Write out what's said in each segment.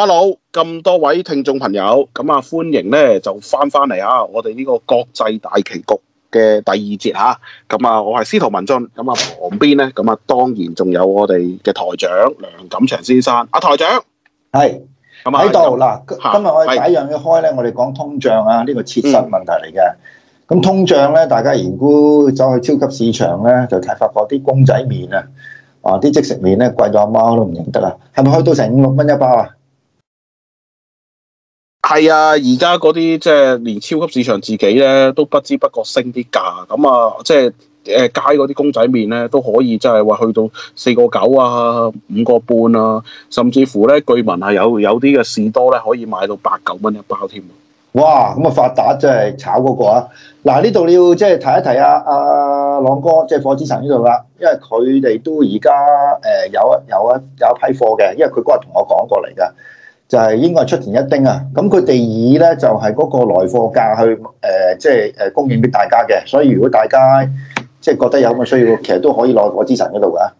hello，咁多位聽眾朋友，咁啊歡迎咧就翻翻嚟啊，我哋呢個國際大棋局嘅第二節吓，咁啊，我係司徒文進，咁啊旁邊咧，咁啊當然仲有我哋嘅台長梁錦祥先生。阿台長係喺度啦。今日我哋第一樣要開咧，我哋講通脹啊，呢個切身問題嚟嘅。咁通脹咧，大家如果走去超級市場咧，就睇發覺啲公仔麵啊，啊啲即食麵咧貴到阿媽都唔認得啊，係咪開到成五六蚊一包啊？係啊，而家嗰啲即係連超級市場自己咧都不知不覺升啲價，咁啊即係誒街嗰啲公仔麵咧都可以，即係話去到四個九啊，五個半啊，甚至乎咧據聞係有有啲嘅士多咧可以買到八九蚊一包添。哇！咁啊發達即係炒嗰個啊！嗱、啊，呢度你要即係提一提啊，阿、啊、朗哥，即、就、係、是、火之神呢度啦，因為佢哋都而家誒有啊有啊有，有一批貨嘅，因為佢嗰日同我講過嚟㗎。就係應該係出前一丁啊，咁佢哋以咧就係、是、嗰個來貨價去誒、呃，即係誒供應俾大家嘅。所以如果大家即係覺得有咁嘅需要，其實都可以攞我資產嗰度噶。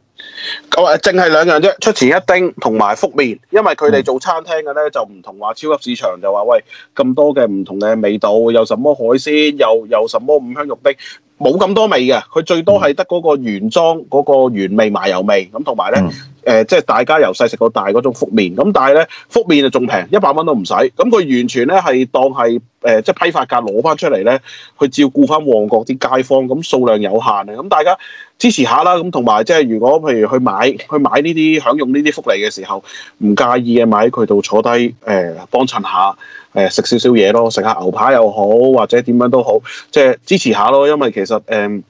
咁誒、呃，淨係兩樣啫，出前一丁同埋覆麵。因為佢哋做餐廳嘅咧，就唔同話超級市場就話喂，咁多嘅唔同嘅味道，有什麼海鮮，又又什麼五香肉丁，冇咁多味嘅。佢最多係得嗰個原裝嗰個原味麻油味。咁同埋咧。誒，即係大家由細食到大嗰種福麵，咁但係呢，福麵就仲平，一百蚊都唔使。咁佢完全呢，係當係誒，即係批發價攞翻出嚟呢，去照顧翻旺角啲街坊。咁數量有限啊，咁大家支持下啦。咁同埋即係如果譬如去買去買呢啲享用呢啲福利嘅時候，唔介意嘅買佢度坐低誒幫襯下，誒食少少嘢咯，食下牛扒又好，或者點樣都好，即係支持下咯。因為其實誒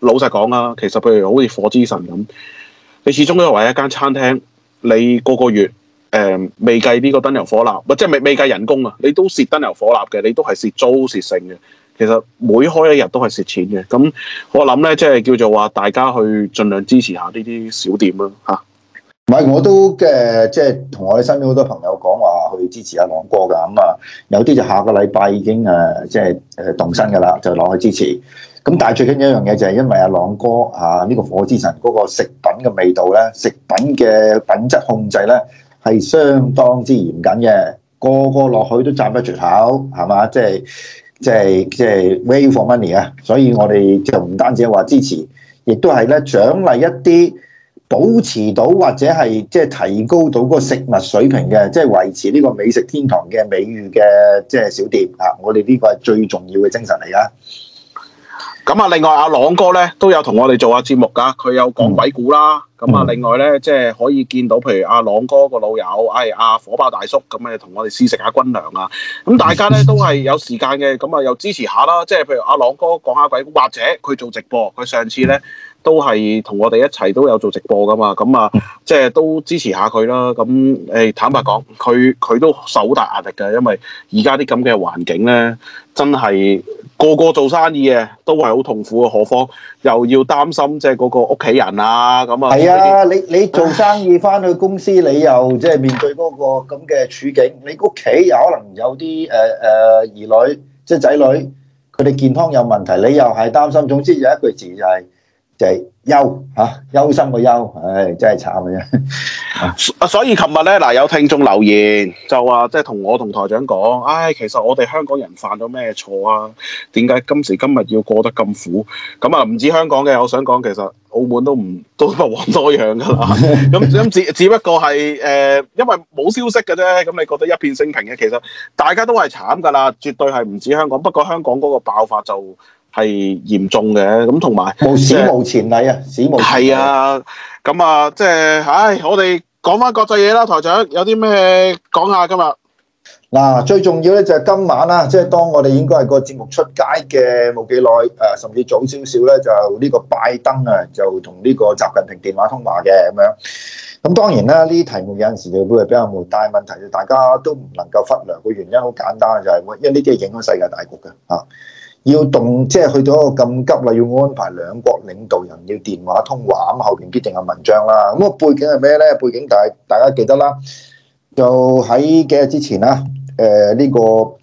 老實講啊，其實譬如好似火之神咁。你始終都係一間餐廳，你個個月誒、呃、未計呢個燈油火蠟，或即係未未計人工啊，你都蝕燈油火蠟嘅，你都係蝕租蝕性嘅。其實每開一日都係蝕錢嘅。咁我諗咧，即係叫做話大家去盡量支持下呢啲小店啦嚇。唔、啊、係，我都嘅即係同我身邊好多朋友講話去支持阿朗哥㗎。咁、嗯、啊，有啲就下個禮拜已經誒即係誒動身㗎啦，就攞去支持。咁但係最緊要一樣嘢就係，因為阿朗哥啊，呢個火之神嗰個食品嘅味道咧，食品嘅品質控制咧係相當之嚴謹嘅，個個落去都讚不絕口，係嘛？即係即係即係 value for money 啊！所以我哋就唔單止話支持，亦都係咧獎勵一啲保持到或者係即係提高到嗰個食物水平嘅，即係維持呢個美食天堂嘅美譽嘅即係小店啊！我哋呢個係最重要嘅精神嚟噶。咁啊，另外阿朗哥咧都有同我哋做下節目噶，佢有講鬼故啦。咁啊、嗯，另外咧即係可以見到，譬如阿朗哥個老友，哎，阿火爆大叔咁啊，同我哋試食下軍糧啊。咁大家咧都係有時間嘅，咁啊又支持下啦。即係譬如阿朗哥講下鬼故，或者佢做直播，佢上次咧。都係同我哋一齊都有做直播㗎嘛，咁啊，即係都支持下佢啦。咁誒，哎，坦白講，佢佢都受好大壓力嘅，因為而家啲咁嘅環境咧，真係個個做生意嘅都係好痛苦啊。何況又要擔心即係嗰個屋企人啊。咁啊，係啊，你你做生意返去公司， 你又即係面對嗰個咁嘅處境，你屋企又可能有啲誒誒兒女，即係仔女，佢哋健康有問題，你又係擔心。總之有一句詞就係。就係憂吓，憂、啊、心個憂，唉、哎，真係慘啊，啊！所以琴日咧，嗱、啊、有聽眾留言就話，即係同我同台長講，唉、哎，其實我哋香港人犯咗咩錯啊？點解今時今日要過得咁苦？咁啊，唔止香港嘅，我想講其實澳門都唔都或多或少噶啦。咁咁 只只不過係誒、呃，因為冇消息嘅啫。咁你覺得一片升平嘅，其實大家都係慘噶啦，絕對係唔止香港。不過香港嗰個爆發就。係嚴重嘅，咁同埋無史無前例啊，就是、史無前係啊，咁啊、就是，即係唉，我哋講翻國際嘢啦，台長有啲咩講下㗎嘛？嗱，最重要咧就係今晚啦，即係當我哋應該係個節目出街嘅冇幾耐，誒，甚至早少少咧就呢個拜登啊，就同呢個習近平電話通話嘅咁樣。咁當然啦，呢啲題目有陣時就會比較冇大係問題，就大家都唔能夠忽略，個原因好簡單就係、是，因為呢啲係影響世界大局嘅吓。啊要動即係去到一個咁急啦，要安排兩國領導人要電話通話，咁後邊必定有文章啦。咁個背景係咩咧？背景大大家記得啦，就喺幾日之前啦，誒呢個誒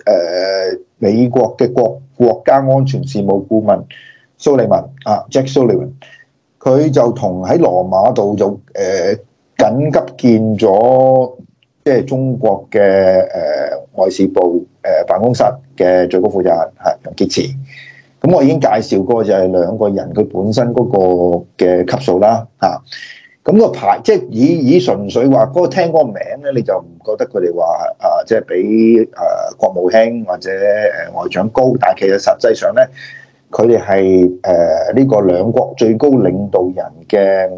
美國嘅國國家安全事務顧問蘇利文啊，Jack Sullivan，佢就同喺羅馬度就誒緊急見咗，即係中國嘅誒。外事部誒辦公室嘅最高負責人係楊潔篪。咁我已經介紹過就係兩個人佢本身嗰個嘅級數啦，嚇，咁、嗰個排即係以以純粹話嗰個聽嗰個名咧，你就唔覺得佢哋話啊，即係比誒國務卿或者誒外長高，但係其實實際上咧，佢哋係誒呢個兩國最高領導人嘅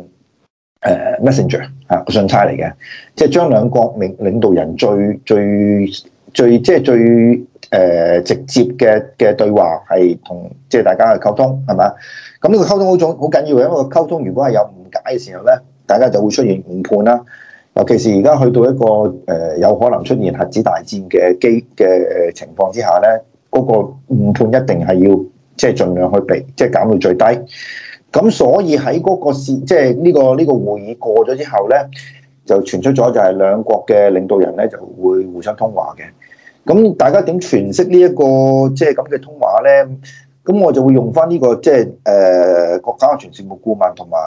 誒 messenger 嚇，信差嚟嘅，即係將兩國領領導人最最。最即係最誒直接嘅嘅對話係同即係大家去溝通係嘛？咁呢個溝通好重好緊要，因為溝通如果係有誤解嘅時候咧，大家就會出現誤判啦。尤其是而家去到一個誒有可能出現核子大戰嘅機嘅情況之下咧，嗰個誤判一定係要即係盡量去避，即係減到最低。咁所以喺嗰個事即係呢個呢個會議過咗之後咧，就傳出咗就係兩國嘅領導人咧就會互相通話嘅。咁大家點詮釋呢、這、一個即係咁嘅通話呢，咁我就會用翻、這、呢個即係誒國家安全事務顧問同埋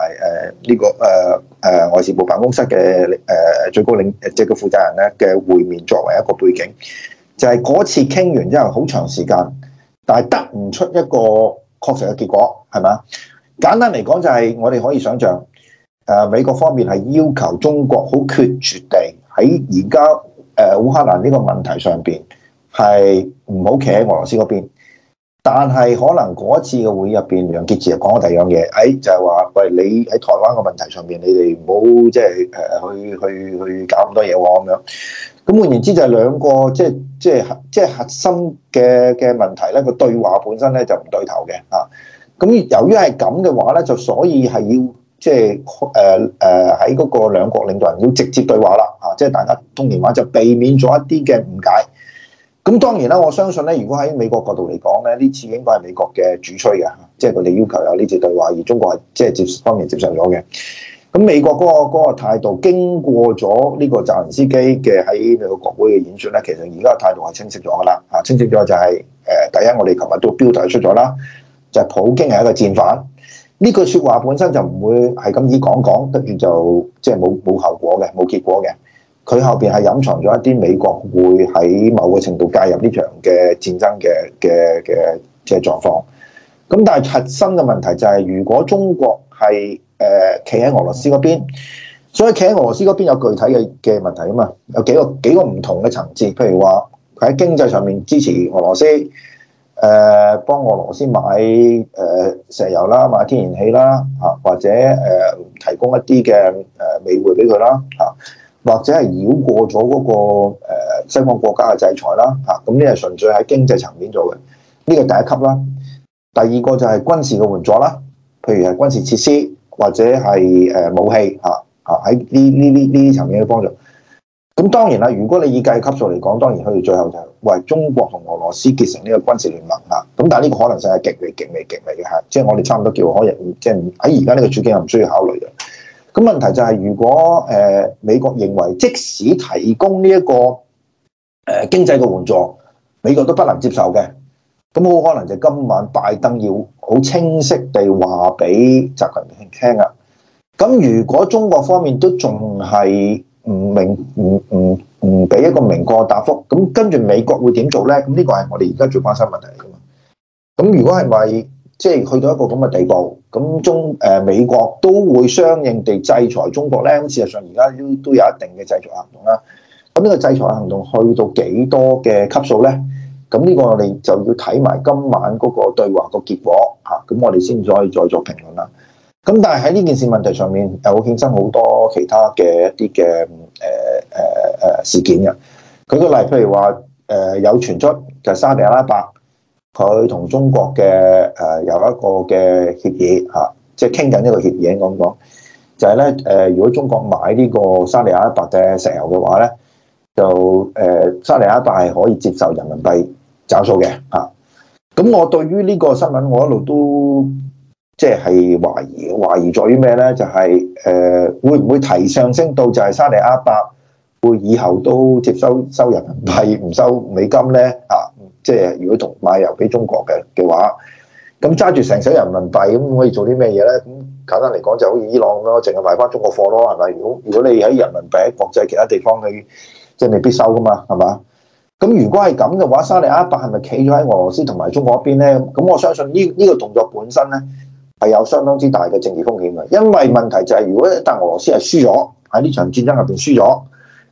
誒呢個誒誒、呃呃、外事部辦公室嘅誒、呃、最高領即係、這個負責人咧嘅會面作為一個背景，就係、是、嗰次傾完之後好長時間，但係得唔出一個確實嘅結果，係咪？簡單嚟講就係我哋可以想象誒、呃、美國方面係要求中國好決絕地喺而家。誒烏克蘭呢個問題上邊係唔好企喺俄羅斯嗰邊，但係可能嗰一次嘅會入邊，楊潔篪又講咗第二樣嘢，誒、哎、就係、是、話喂，你喺台灣嘅問題上邊，你哋唔好即係誒去去去搞咁多嘢喎咁樣。咁、哦、換言之就係兩個即係即係即係核心嘅嘅問題咧，個對話本身咧就唔對頭嘅啊。咁由於係咁嘅話咧，就所以係要。即係誒誒喺嗰個兩國領導人要直接對話啦，啊！即係大家通電話就避免咗一啲嘅誤解。咁當然啦，我相信咧，如果喺美國角度嚟講咧，呢次應該係美國嘅主催嘅，即係佢哋要求有呢次對話，而中國係即係接方面接受咗嘅。咁美國嗰個嗰個態度，經過咗呢個澤連斯基嘅喺美國國會嘅演說咧，其實而家嘅態度係清晰咗噶啦，啊，清晰咗就係誒第一，我哋琴日都標題出咗啦，就係普京係一個戰犯。呢句説話本身就唔會係咁易講講，突然就即係冇冇後果嘅，冇結果嘅。佢後邊係隱藏咗一啲美國會喺某個程度介入呢場嘅戰爭嘅嘅嘅即係狀況。咁但係核心嘅問題就係、是，如果中國係誒企喺俄羅斯嗰邊，所以企喺俄羅斯嗰邊有具體嘅嘅問題啊嘛，有幾個幾個唔同嘅層次，譬如話佢喺經濟上面支持俄羅斯。誒、呃、幫俄羅斯買誒石油啦，買天然氣啦，嚇、啊、或者誒、呃、提供一啲嘅誒美匯俾佢啦，嚇、啊、或者係繞過咗嗰、那個、呃、西方國家嘅制裁啦，嚇咁呢係純粹喺經濟層面做嘅，呢、這個第一級啦。第二個就係軍事嘅援助啦，譬如係軍事設施或者係誒武器嚇嚇喺呢呢啲呢啲層面嘅幫助。咁當然啦，如果你以計級數嚟講，當然佢哋最後就為中國同俄羅斯結成呢個軍事聯盟啦。咁但係呢個可能性係極微極微極微嘅吓，即係、就是、我哋差唔多叫可人，即係喺而家呢個處境又唔需要考慮嘅。咁問題就係如果誒、呃、美國認為即使提供呢、這、一個誒、呃、經濟嘅援助，美國都不能接受嘅，咁好可能就今晚拜登要好清晰地話俾習近平聽啊。咁如果中國方面都仲係，唔明，唔唔唔俾一個明確嘅答覆，咁跟住美國會點做咧？咁呢個係我哋而家最關心問題嚟㗎嘛。咁如果係咪即係去到一個咁嘅地步，咁中誒、呃、美國都會相應地制裁中國咧？咁事實上而家都都有一定嘅制裁行動啦。咁呢個制裁行動去到幾多嘅級數咧？咁呢個我哋就要睇埋今晚嗰個對話個結果嚇，咁我哋先至可以再作評論啦。咁但係喺呢件事問題上面，又會衍生好多其他嘅一啲嘅誒誒誒事件嘅。舉個例，譬如話誒有傳出就係沙地阿拉伯佢同中國嘅誒有一個嘅協議嚇，即係傾緊呢個協議咁講，就係咧誒，如果中國買呢個沙地阿拉伯嘅石油嘅話咧，就誒沙地阿拉伯係可以接受人民幣找數嘅嚇。咁我對於呢個新聞，我一路都～即係懷疑，懷疑在於咩咧？就係、是、誒、呃，會唔會提上升到就係沙地阿拉伯會以後都接收收人民幣，唔收美金咧？啊，即係如果同買油俾中國嘅嘅話，咁揸住成手人民幣咁可以做啲咩嘢咧？咁簡單嚟講，就好似伊朗咁咯，淨係賣翻中國貨咯，係咪？如果如果你喺人民幣喺國際其他地方你，佢即係未必收噶嘛，係嘛？咁如果係咁嘅話，沙地阿拉伯係咪企咗喺俄羅斯同埋中國一邊咧？咁我相信呢呢個動作本身咧。係有相當之大嘅政治風險嘅，因為問題就係、是，如果但俄羅斯係輸咗喺呢場戰爭入邊輸咗，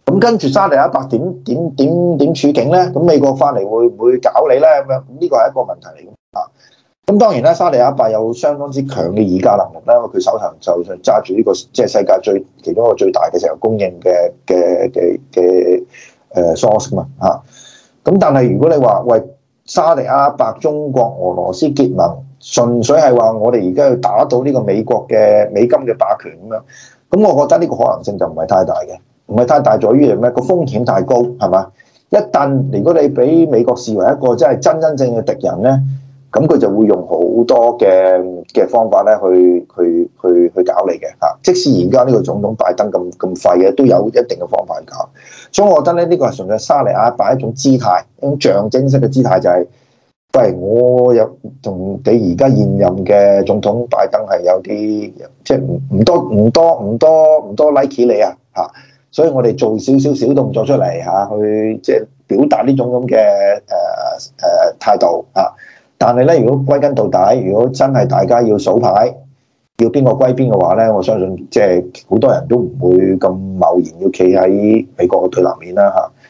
咁跟住沙地阿伯點點點點處境呢？咁美國翻嚟會唔會搞你呢？咁樣，呢個係一個問題嚟嘅啊。咁當然啦，沙地阿伯有相當之強嘅議價能力啦，因為佢手上就揸住呢個即係世界最其中一個最大嘅石油供應嘅嘅嘅嘅誒 source 嘛啊。咁但係如果你話喂，沙地阿伯中國俄羅斯結盟？純粹係話，我哋而家要打倒呢個美國嘅美金嘅霸權咁樣，咁我覺得呢個可能性就唔係太大嘅，唔係太大在於咩？個風險太高，係嘛？一旦如果你俾美國視為一個即係真真正嘅敵人呢，咁佢就會用好多嘅嘅方法咧去去去去搞你嘅嚇。即使而家呢個總統拜登咁咁廢嘅，都有一定嘅方法搞。所以，我覺得咧呢個係純粹沙利亞擺一種姿態，一種象徵式嘅姿態，就係、是。唔，我有同你而家現任嘅總統拜登係有啲，即係唔多唔多唔多唔多 like 你啊嚇，所以我哋做少少小動作出嚟嚇，去即係表達呢種咁嘅誒誒態度嚇。但係咧，如果歸根到底，如果真係大家要數牌，要邊個歸邊嘅話咧，我相信即係好多人都唔會咁貿然要企喺美國嘅對立面啦嚇。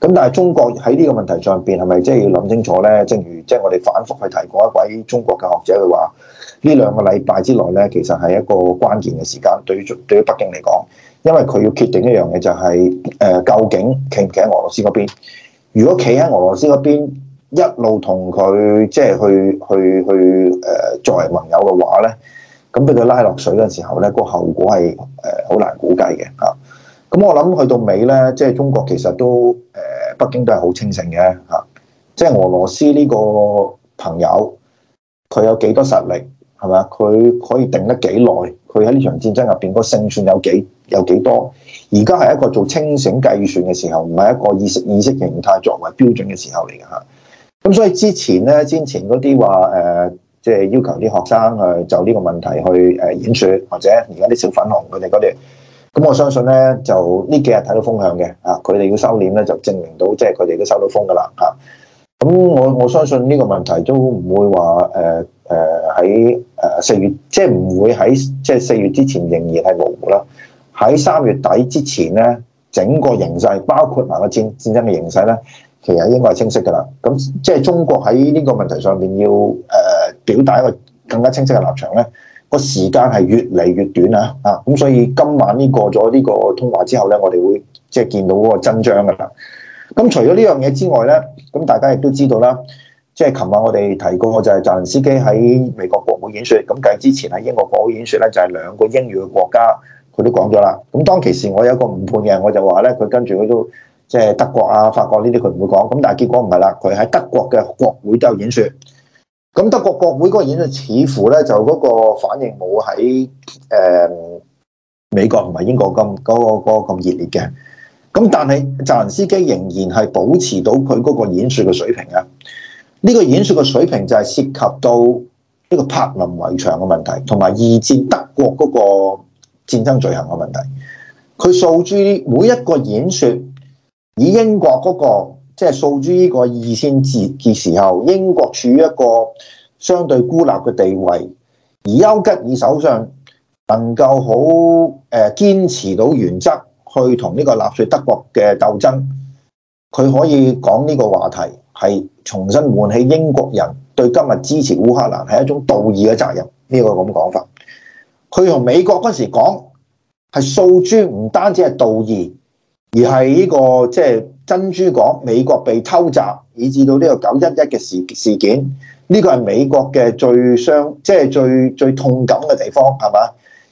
咁但係中國喺呢個問題上邊係咪即係要諗清楚咧？正如即係我哋反覆去提過一位中國嘅學者佢話：呢兩個禮拜之內咧，其實係一個關鍵嘅時間，對於對於北京嚟講，因為佢要決定一樣嘢就係、是、誒究竟企唔企喺俄羅斯嗰邊？如果企喺俄羅斯嗰邊一路同佢即係去去去誒作為盟友嘅話咧，咁俾佢拉落水嗰陣時候咧，個後果係誒好難估計嘅嚇。咁我諗去到尾咧，即係中國其實都誒北京都係好清醒嘅嚇。即係俄羅斯呢個朋友，佢有幾多實力係嘛？佢可以頂得幾耐？佢喺呢場戰爭入邊個勝算有幾有幾多？而家係一個做清醒計算嘅時候，唔係一個意識意識形態作為標準嘅時候嚟嘅嚇。咁所以之前咧，之前嗰啲話誒，即係要求啲學生去就呢個問題去誒演說，或者而家啲小粉紅佢哋嗰啲。咁我相信咧，就呢幾日睇到風向嘅，啊，佢哋要收斂咧，就證明到即係佢哋都收到風噶啦，啊，咁我我相信呢個問題都唔會話誒誒喺誒四月，即係唔會喺即係四月之前仍然係模糊啦。喺三月底之前咧，整個形勢包括埋個戰戰爭嘅形勢咧，其實應該係清晰噶啦。咁即係中國喺呢個問題上面要誒表達一個更加清晰嘅立場咧。個時間係越嚟越短啦，啊咁所以今晚呢過咗呢個通話之後咧，我哋會即係見到嗰個真章噶啦。咁除咗呢樣嘢之外咧，咁大家亦都知道啦，即係琴晚我哋提過嘅就係、是、澤連斯基喺美國國會演説，咁繼之前喺英國國會演説咧，就係、是、兩個英語嘅國家，佢都講咗啦。咁當其時我有一個誤判嘅，我就話咧佢跟住佢都即係、就是、德國啊、法國呢啲佢唔會講，咁但係結果唔係啦，佢喺德國嘅國會都有演説。咁德國國會嗰個演説似乎咧，就嗰個反應冇喺誒，美國唔係英國咁嗰、嗰個咁、嗰個、熱烈嘅，咁但係澤連斯基仍然係保持到佢嗰個演説嘅水平啊！呢、呢個演説嘅水平就係涉及到呢個柏林圍牆嘅問題，同埋二戰德國嗰個戰爭罪行嘅問題。佢數住每一個演説，以英國嗰、嗰個。即係訴諸呢個二戰時嘅時候，英國處於一個相對孤立嘅地位，而丘吉爾首相能夠好誒堅持到原則，去同呢個納粹德國嘅鬥爭，佢可以講呢個話題係重新喚起英國人對今日支持烏克蘭係一種道義嘅責任。呢、這個咁講法，佢同美國嗰時講係訴諸，唔單止係道義，而係呢、這個即係。就是珍珠港、美國被偷襲，以至到呢個九一一嘅事事件，呢個係美國嘅最傷，即係最最痛感嘅地方，係嘛？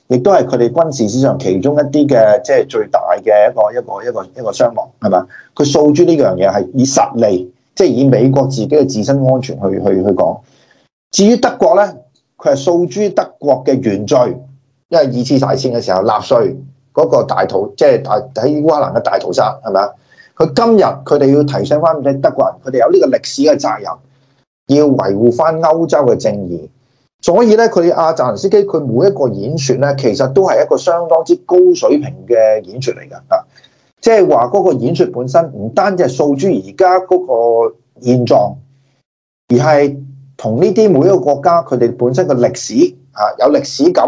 亦都係佢哋軍事史上其中一啲嘅，即係最大嘅一個一個一個一個傷亡，係嘛？佢訴諸呢樣嘢係以實利，即係以美國自己嘅自身安全去去去去講。至於德國呢，佢係訴諸德國嘅原罪，因為二次大戰嘅時候納粹嗰個大屠，即係大喺烏克蘭嘅大屠殺，係咪？佢今日佢哋要提醒翻畀德國人，佢哋有呢個歷史嘅責任，要維護翻歐洲嘅正義。所以咧，佢澤連斯基佢每一個演説咧，其實都係一個相當之高水平嘅演説嚟㗎。啊，即係話嗰個演説本身唔單止係訴諸而家嗰個現狀，而係同呢啲每一個國家佢哋本身嘅歷史吖有歷史感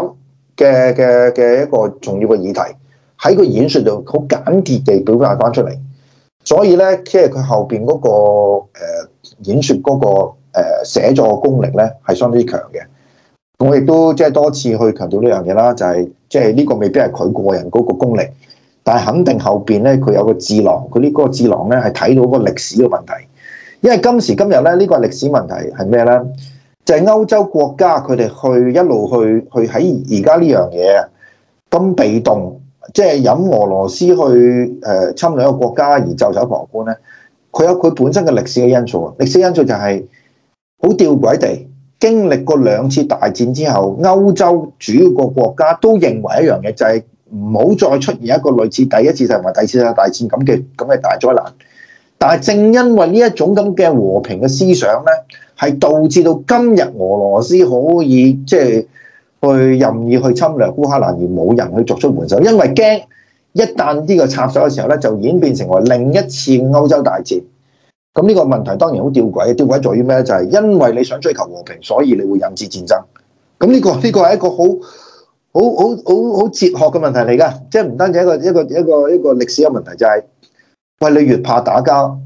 嘅嘅嘅一個重要嘅議題，喺個演説度，好簡潔地表達翻出嚟。所以咧，即係佢後邊嗰、那個、呃、演説嗰、那個誒、呃、寫作功力咧，係相當之強嘅。我亦都即係多次去強調呢樣嘢啦，就係即係呢個未必係佢個人嗰個功力，但係肯定後邊咧佢有個智囊，佢呢個智囊咧係睇到個歷史嘅問題。因為今時今日咧，呢、這個係歷史問題係咩咧？就係、是、歐洲國家佢哋去一路去去喺而家呢樣嘢咁被動。即係引俄羅斯去誒侵略一個國家而袖手旁觀咧，佢有佢本身嘅歷史嘅因素啊！歷史因素就係好吊詭地，經歷過兩次大戰之後，歐洲主要個國家都認為一樣嘢，就係唔好再出現一個類似第一次世界大戰、第二次世界大戰咁嘅咁嘅大災難。但係正因為呢一種咁嘅和平嘅思想咧，係導致到今日俄羅斯可以即係。就是去任意去侵略烏克蘭而冇人去作出援手，因為驚一旦呢個插手嘅時候咧，就演變成為另一次歐洲大戰。咁呢個問題當然好吊詭，吊詭在於咩咧？就係、是、因為你想追求和平，所以你會引致戰爭。咁呢、這個呢、這個係一個好好好好哲學嘅問題嚟噶，即係唔單止一個一個一個一個,一個歷史嘅問題、就是，就係喂你越怕打交，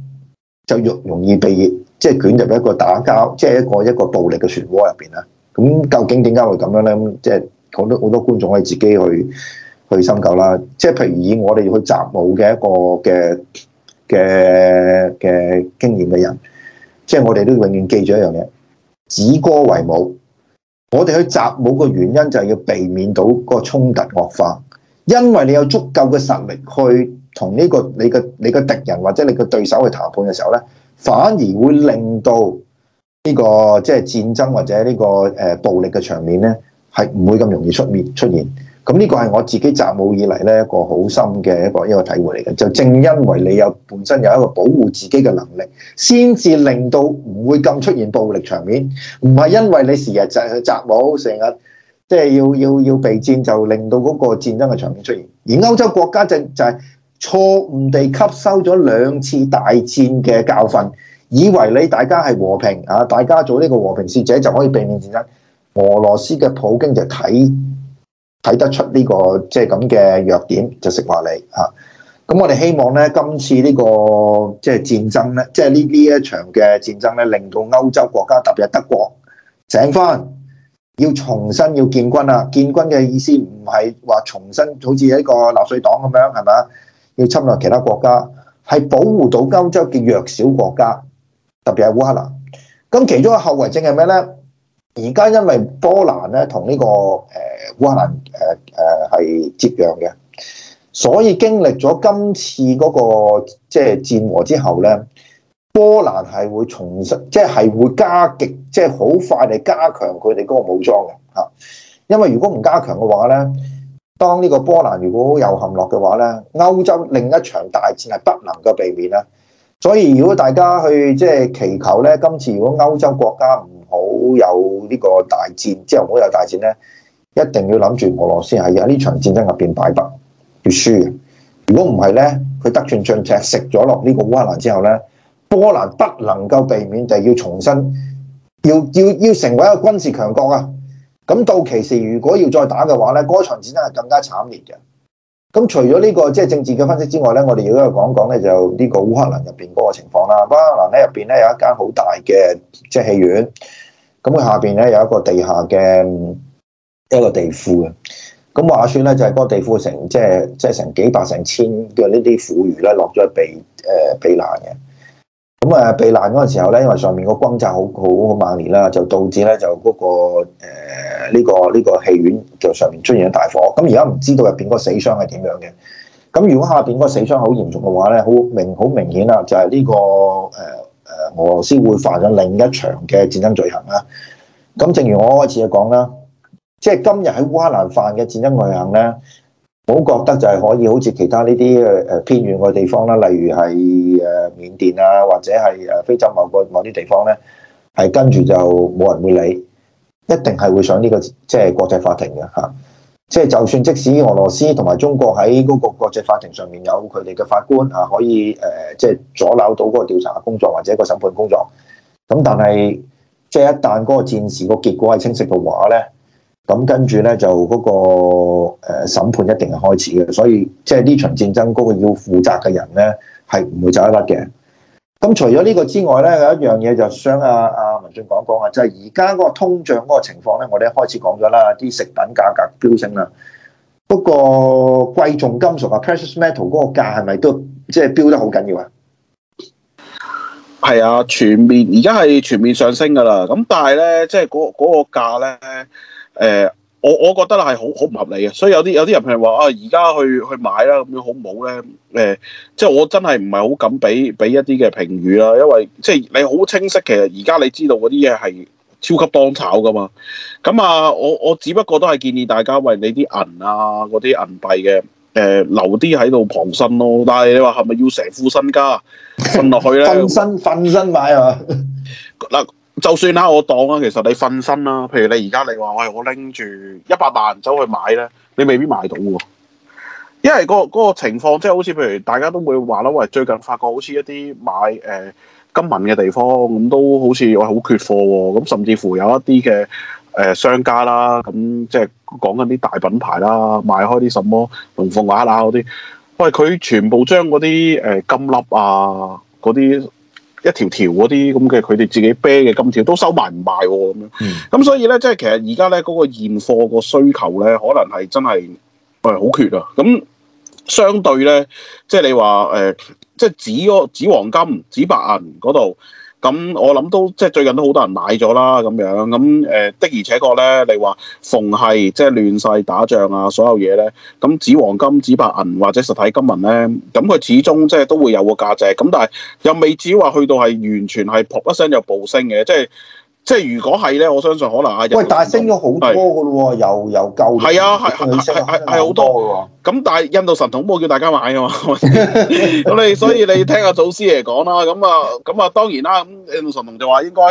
就越容易被即係、就是、捲入一個打交，即、就、係、是、一個一個暴力嘅漩渦入邊啦。咁究竟點解會咁樣呢？即係好多好多觀眾可以自己去去深究啦。即係譬如以我哋去習武嘅一個嘅嘅嘅經驗嘅人，即係我哋都永遠記住一樣嘢，止戈為武。我哋去習武嘅原因就係要避免到個衝突惡化，因為你有足夠嘅實力去同呢個你嘅你嘅敵人或者你嘅對手去談判嘅時候呢，反而會令到，呢個即係戰爭或者呢個誒暴力嘅場面呢，係唔會咁容易出面出現。咁呢個係我自己習武以嚟咧一個好深嘅一個呢個體會嚟嘅。就正因為你有本身有一個保護自己嘅能力，先至令到唔會咁出現暴力場面。唔係因為你時日就係去習武，成日即係要要要備戰，就令到嗰個戰爭嘅場面出現。而歐洲國家就是、就係錯誤地吸收咗兩次大戰嘅教訓。以為你大家係和平啊，大家做呢個和平使者就可以避免戰爭。俄羅斯嘅普京就睇睇得出呢、這個即係咁嘅弱點，就識話你嚇。咁、啊、我哋希望咧，今次呢、這個即係、就是、戰爭咧，即係呢啲一場嘅戰爭咧，令到歐洲國家特別係德國醒翻，要重新要建軍啊！建軍嘅意思唔係話重新好似一個納粹黨咁樣係咪？要侵略其他國家，係保護到歐洲嘅弱小國家。特別係烏克蘭，咁其中一個後遺症係咩咧？而家因為波蘭咧同呢個誒烏克蘭誒誒係接壤嘅，所以經歷咗今次嗰個即係戰和之後咧，波蘭係會重新，即係會加極，即係好快地加強佢哋嗰個武裝嘅嚇。因為如果唔加強嘅話咧，當呢個波蘭如果有陷落嘅話咧，歐洲另一場大戰係不能夠避免啊！所以如果大家去即係祈求咧，今次如果歐洲國家唔好有呢個大戰，之後唔好有大戰咧，一定要諗住俄羅斯係喺呢場戰爭入邊敗北，要輸嘅。如果唔係咧，佢得寸進尺，食咗落呢個烏克蘭之後咧，波蘭不能夠避免就係要重新要要要成為一個軍事強國啊！咁到其時如果要再打嘅話咧，嗰場戰爭係更加慘烈嘅。咁除咗呢個即係政治嘅分析之外咧，我哋亦都講一講咧，就呢個烏克蘭入邊嗰個情況啦。烏克蘭咧入邊咧有一間好大嘅即係戲院，咁佢下邊咧有一個地下嘅一個地庫嘅。咁話算咧就係、是、嗰個地庫成即係即係成幾百成千嘅呢啲婦孺咧落咗去避誒避難嘅。呃咁啊，避難嗰陣時候咧，因為上面個轟炸好好好猛烈啦，就導致咧就嗰、那個呢、呃這個呢、這個戲院就上面出現咗大火。咁而家唔知道入邊個死傷係點樣嘅。咁、嗯、如果下邊個死傷好嚴重嘅話咧，好明好明顯啦、這個，就係呢個誒誒俄羅斯會犯咗另一場嘅戰爭罪行啦。咁、嗯、正如我開始就講啦，即、就、係、是、今日喺烏克蘭犯嘅戰爭罪行咧，我覺得就係可以好似其他呢啲誒誒偏遠嘅地方啦，例如係。緬甸啊，或者係誒非洲某個某啲地方咧，係跟住就冇人會理，一定係會上呢個即係國際法庭嘅嚇。即係就算即使俄羅斯同埋中國喺嗰個國際法庭上面有佢哋嘅法官嚇，可以誒即係阻撓到嗰個調查嘅工作或者個審判工作。咁但係即係一旦嗰個戰事個結果係清晰嘅話咧，咁跟住咧就嗰個誒審判一定係開始嘅。所以即係呢場戰爭嗰個要負責嘅人咧。係唔會走得甩嘅。咁除咗呢個之外咧，有一樣嘢就想阿阿文進講講啊，就係而家嗰個通脹嗰個情況咧，我哋一開始講咗啦，啲食品價格飆升啦。不過貴重金屬啊，precious metal 嗰個價係咪都即係飆得好緊要啊？係啊，全面而家係全面上升噶啦。咁但係咧，即係嗰嗰個價咧，誒、那個。呃我我覺得係好好唔合理嘅，所以有啲有啲人係話啊，而家去去買啦咁樣好唔好咧？誒、呃，即係我真係唔係好敢俾俾一啲嘅評語啦，因為即係你好清晰其實而家你知道嗰啲嘢係超級當炒噶嘛。咁啊，我我只不過都係建議大家為你啲銀啊嗰啲銀幣嘅誒、呃、留啲喺度旁身咯。但係你話係咪要成副身家瞓落去咧？瞓 身瞓身買啊！嗱。 就算啦，我當啊！其實你瞓身啦，譬如你而家你話喂，我拎住一百萬走去買咧，你未必買到喎，因為嗰個、嗰個、嗰個情況即係好似譬如大家都會話啦，喂，最近發覺好似一啲買誒、呃、金銀嘅地方咁都好似喂好缺貨喎，咁甚至乎有一啲嘅誒商家啦，咁即係講緊啲大品牌啦，賣開啲什麼龍鳳褂啦嗰啲，喂，佢全部將嗰啲誒金粒啊嗰啲。一條條嗰啲咁嘅佢哋自己啤嘅金條都收埋唔賣喎，咁樣咁所以咧，即係其實而家咧嗰個現貨個需求咧，可能係真係係好缺啊。咁相對咧，即係你話誒、呃，即係紙嗰個紙黃金、紙白銀嗰度。咁、嗯、我諗都即係最近都好多人買咗啦，咁樣咁誒、嗯、的而且確咧，你話逢係即係亂世打仗啊，所有嘢咧，咁紙黃金、紙白銀或者實體金銀咧，咁佢始終即係都會有個價值，咁但係又未至於話去到係完全係噗一聲就暴升嘅，即係。即係如果係咧，我相信可能啊，喂，但係升咗好多噶咯喎，又又夠，係啊，係係係係好多噶喎。咁但係印度神童冇叫大家買㗎嘛？咁 你所以你聽阿祖師爺講啦。咁啊，咁啊當然啦。咁印度神童就話應該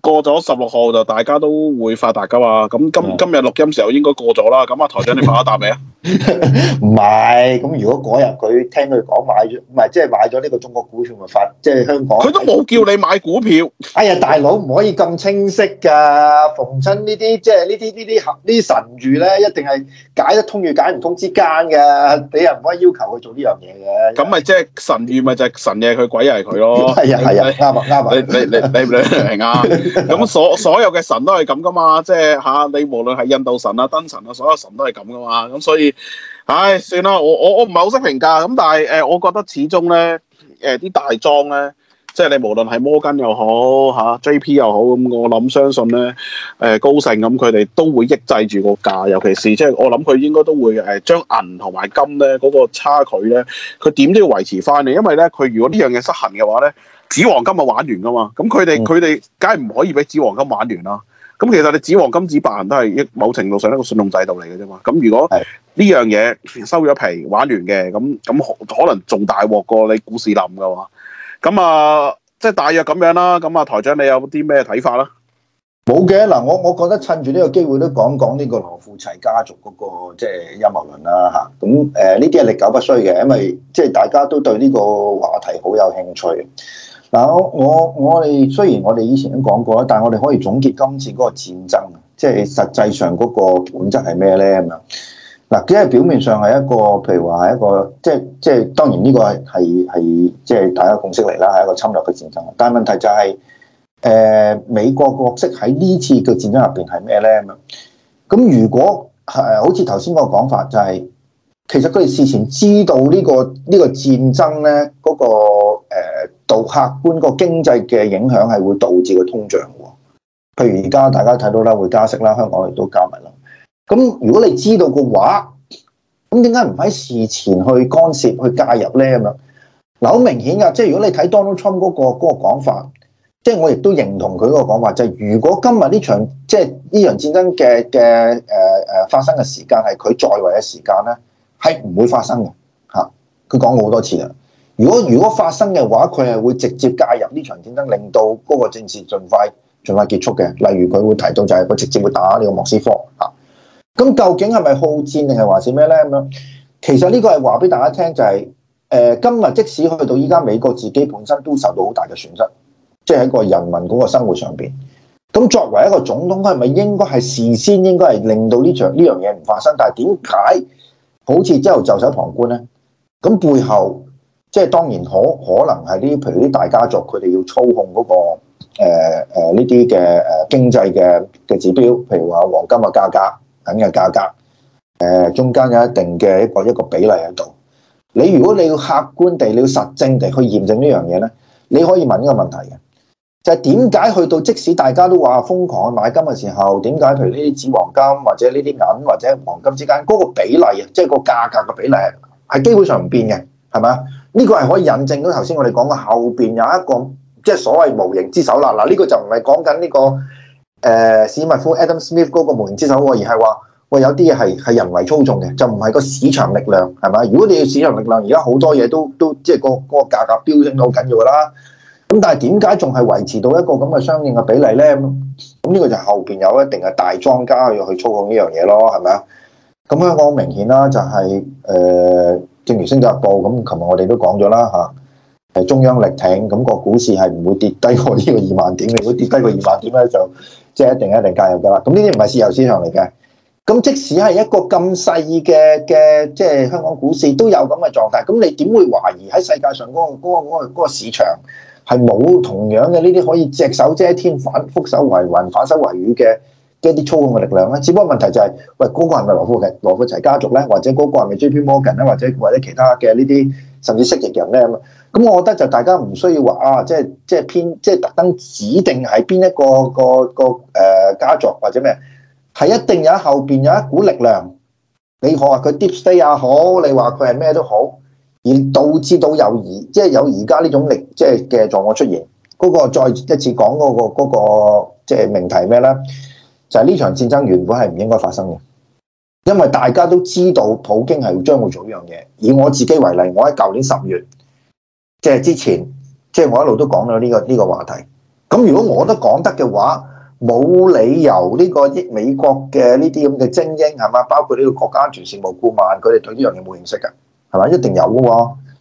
過咗十六號就大家都會發達㗎嘛。咁今、嗯、今日錄音時候應該過咗啦。咁啊台長，你發咗達未啊？唔 係，咁如果嗰日佢聽佢講買咗，唔係即係買咗呢個中國股票咪發，即係香港。佢都冇叫你買股票。哎呀，大佬唔可以咁清晰㗎。逢親呢啲即係呢啲呢啲呢啲神諭咧，一定係解得通與解唔通之間嘅。你又唔可以要求佢做呢樣嘢嘅。咁咪即係神諭咪就係神嘅，佢鬼係佢咯。係啊係啊，啱啊啱啊。你你你你係啊，咁所所有嘅神都係咁㗎嘛，即係吓、啊，你無論係印度神啊、燈神啊，所有神都係咁㗎嘛。咁所以。唉，算啦，我我我唔係好識評價咁，但係誒，我覺得始終咧，誒啲大莊咧，即係你無論係摩根又好吓，JP 又好，咁我諗相信咧，誒高盛咁佢哋都會抑制住個價，尤其是即係我諗佢應該都會誒將銀同埋金咧嗰個差距咧，佢點都要維持翻嘅，因為咧佢如果呢樣嘢失衡嘅話咧，紙黃金咪玩完噶嘛，咁佢哋佢哋梗係唔可以俾紙黃金玩完啦。咁其實你紙黃金、紙白銀都係一某程度上一個信用制度嚟嘅啫嘛。咁如果呢樣嘢收咗皮、玩完嘅，咁咁可能仲大鑊過你股市冧嘅話，咁啊即係大約咁樣啦。咁啊台長，你有啲咩睇法咧？冇嘅嗱，我我覺得趁住呢個機會都講講呢個羅富齊家族嗰個即係陰謀論啦嚇。咁誒呢啲係歷久不衰嘅，因為即係大家都對呢個話題好有興趣。嗱，我我哋雖然我哋以前都講過啦，但係我哋可以總結今次嗰個戰爭，即係實際上嗰個本質係咩咧咁樣？嗱，即係表面上係一個，譬如話係一個，即係即係當然呢個係係係即係大家共識嚟啦，係一個侵略嘅戰爭。但係問題就係、是，誒、呃、美國角色喺呢次嘅戰爭入邊係咩咧咁樣？咁如果係好似頭先個講法、就是，就係其實佢哋事前知道呢、這個呢、這個戰爭咧嗰、那個、呃到客觀個經濟嘅影響係會導致個通脹喎。譬如而家大家睇到啦，會加息啦，香港亦都加密啦。咁如果你知道嘅話，咁點解唔喺事前去干涉、去介入咧？咁樣嗱，好明顯噶，即係如果你睇 Donald Trump 嗰個嗰個講法，即係我亦都認同佢嗰個講法，就係如果今日呢場即係呢場戰爭嘅嘅誒誒發生嘅時間係佢在位嘅時間咧，係唔會發生嘅嚇。佢講過好多次啦。如果如果發生嘅話，佢係會直接介入呢場戰爭，令到嗰個戰事盡快盡快結束嘅。例如佢會提到就係佢直接會打呢個莫斯科嚇。咁、啊、究竟係咪好戰定係還是咩呢？咁樣其實呢個係話俾大家聽就係、是、誒、呃、今日即使去到依家，美國自己本身都受到好大嘅損失，即係喺個人民嗰個生活上邊。咁作為一個總統，佢係咪應該係事先應該係令到呢場呢樣嘢唔發生？但係點解好似之後袖手旁觀呢？咁背後。即係當然可可能係啲，譬如啲大家族，佢哋要操控嗰個誒誒呢啲嘅誒經濟嘅嘅指標，譬如話黃金嘅價格、銀嘅價格，誒中間有一定嘅一個一個比例喺度。你如果你要客觀地、你要實證地去驗證呢樣嘢咧，你可以問呢個問題嘅，就係點解去到即使大家都話瘋狂去買金嘅時候，點解譬如呢啲紙黃金或者呢啲銀或者黃金之間嗰個比例啊，即係個價格嘅比例係基本上唔變嘅，係咪啊？呢個係可以引證到頭先我哋講嘅後邊有一個，即係所謂無形之手啦。嗱，呢、這個就唔係講緊呢個誒、呃、史密夫 Adam Smith 嗰個無形之手喎，而係話喂有啲嘢係係人為操縱嘅，就唔係個市場力量係咪？如果你要市場力量，而家好多嘢都都，都即係、那個、嗰、那個價格飆升都好緊要㗎啦。咁但係點解仲係維持到一個咁嘅相應嘅比例咧？咁、這、呢個就後邊有一定嘅大莊家要去，去操控呢樣嘢咯，係咪啊？咁香港好明顯啦、就是，就係誒。正如星咗一個咁，琴日我哋都講咗啦嚇，係中央力挺，咁個股市係唔會跌低過呢個二萬點。如果跌低過二萬點咧，就即係一定一定介入噶啦。咁呢啲唔係自由市場嚟嘅，咁即使係一個咁細嘅嘅，即係香港股市都有咁嘅狀態，咁你點會懷疑喺世界上嗰個嗰個嗰個市場係冇同樣嘅呢啲可以隻手遮天，反覆手為雲，反手為雨嘅？一啲操控嘅力量咧，只不過問題就係，喂，嗰個係咪羅富齊、羅富齊家族咧，或者嗰個係咪 J.P. Morgan 咧，或者或者其他嘅呢啲甚至蜥蜴人咧？咁我覺得就大家唔需要話啊，即係即係偏即係特登指定係邊一個個個誒家族或者咩，係一定有後邊有一股力量。你可話佢 deep stay 也好，你話佢係咩都好，而導致到而即係有而家呢種力即係嘅狀況出現，嗰個再一次講嗰個即係命題咩咧？就係呢場戰爭原本係唔應該發生嘅，因為大家都知道普京係會將會做呢樣嘢。以我自己為例，我喺舊年十月即係之前，即係我一路都講到呢個呢個話題。咁如果我都講得嘅話，冇理由呢個億美國嘅呢啲咁嘅精英係嘛，包括呢個國家安全事務顧問，佢哋對呢樣嘢冇認識嘅係咪？一定有嘅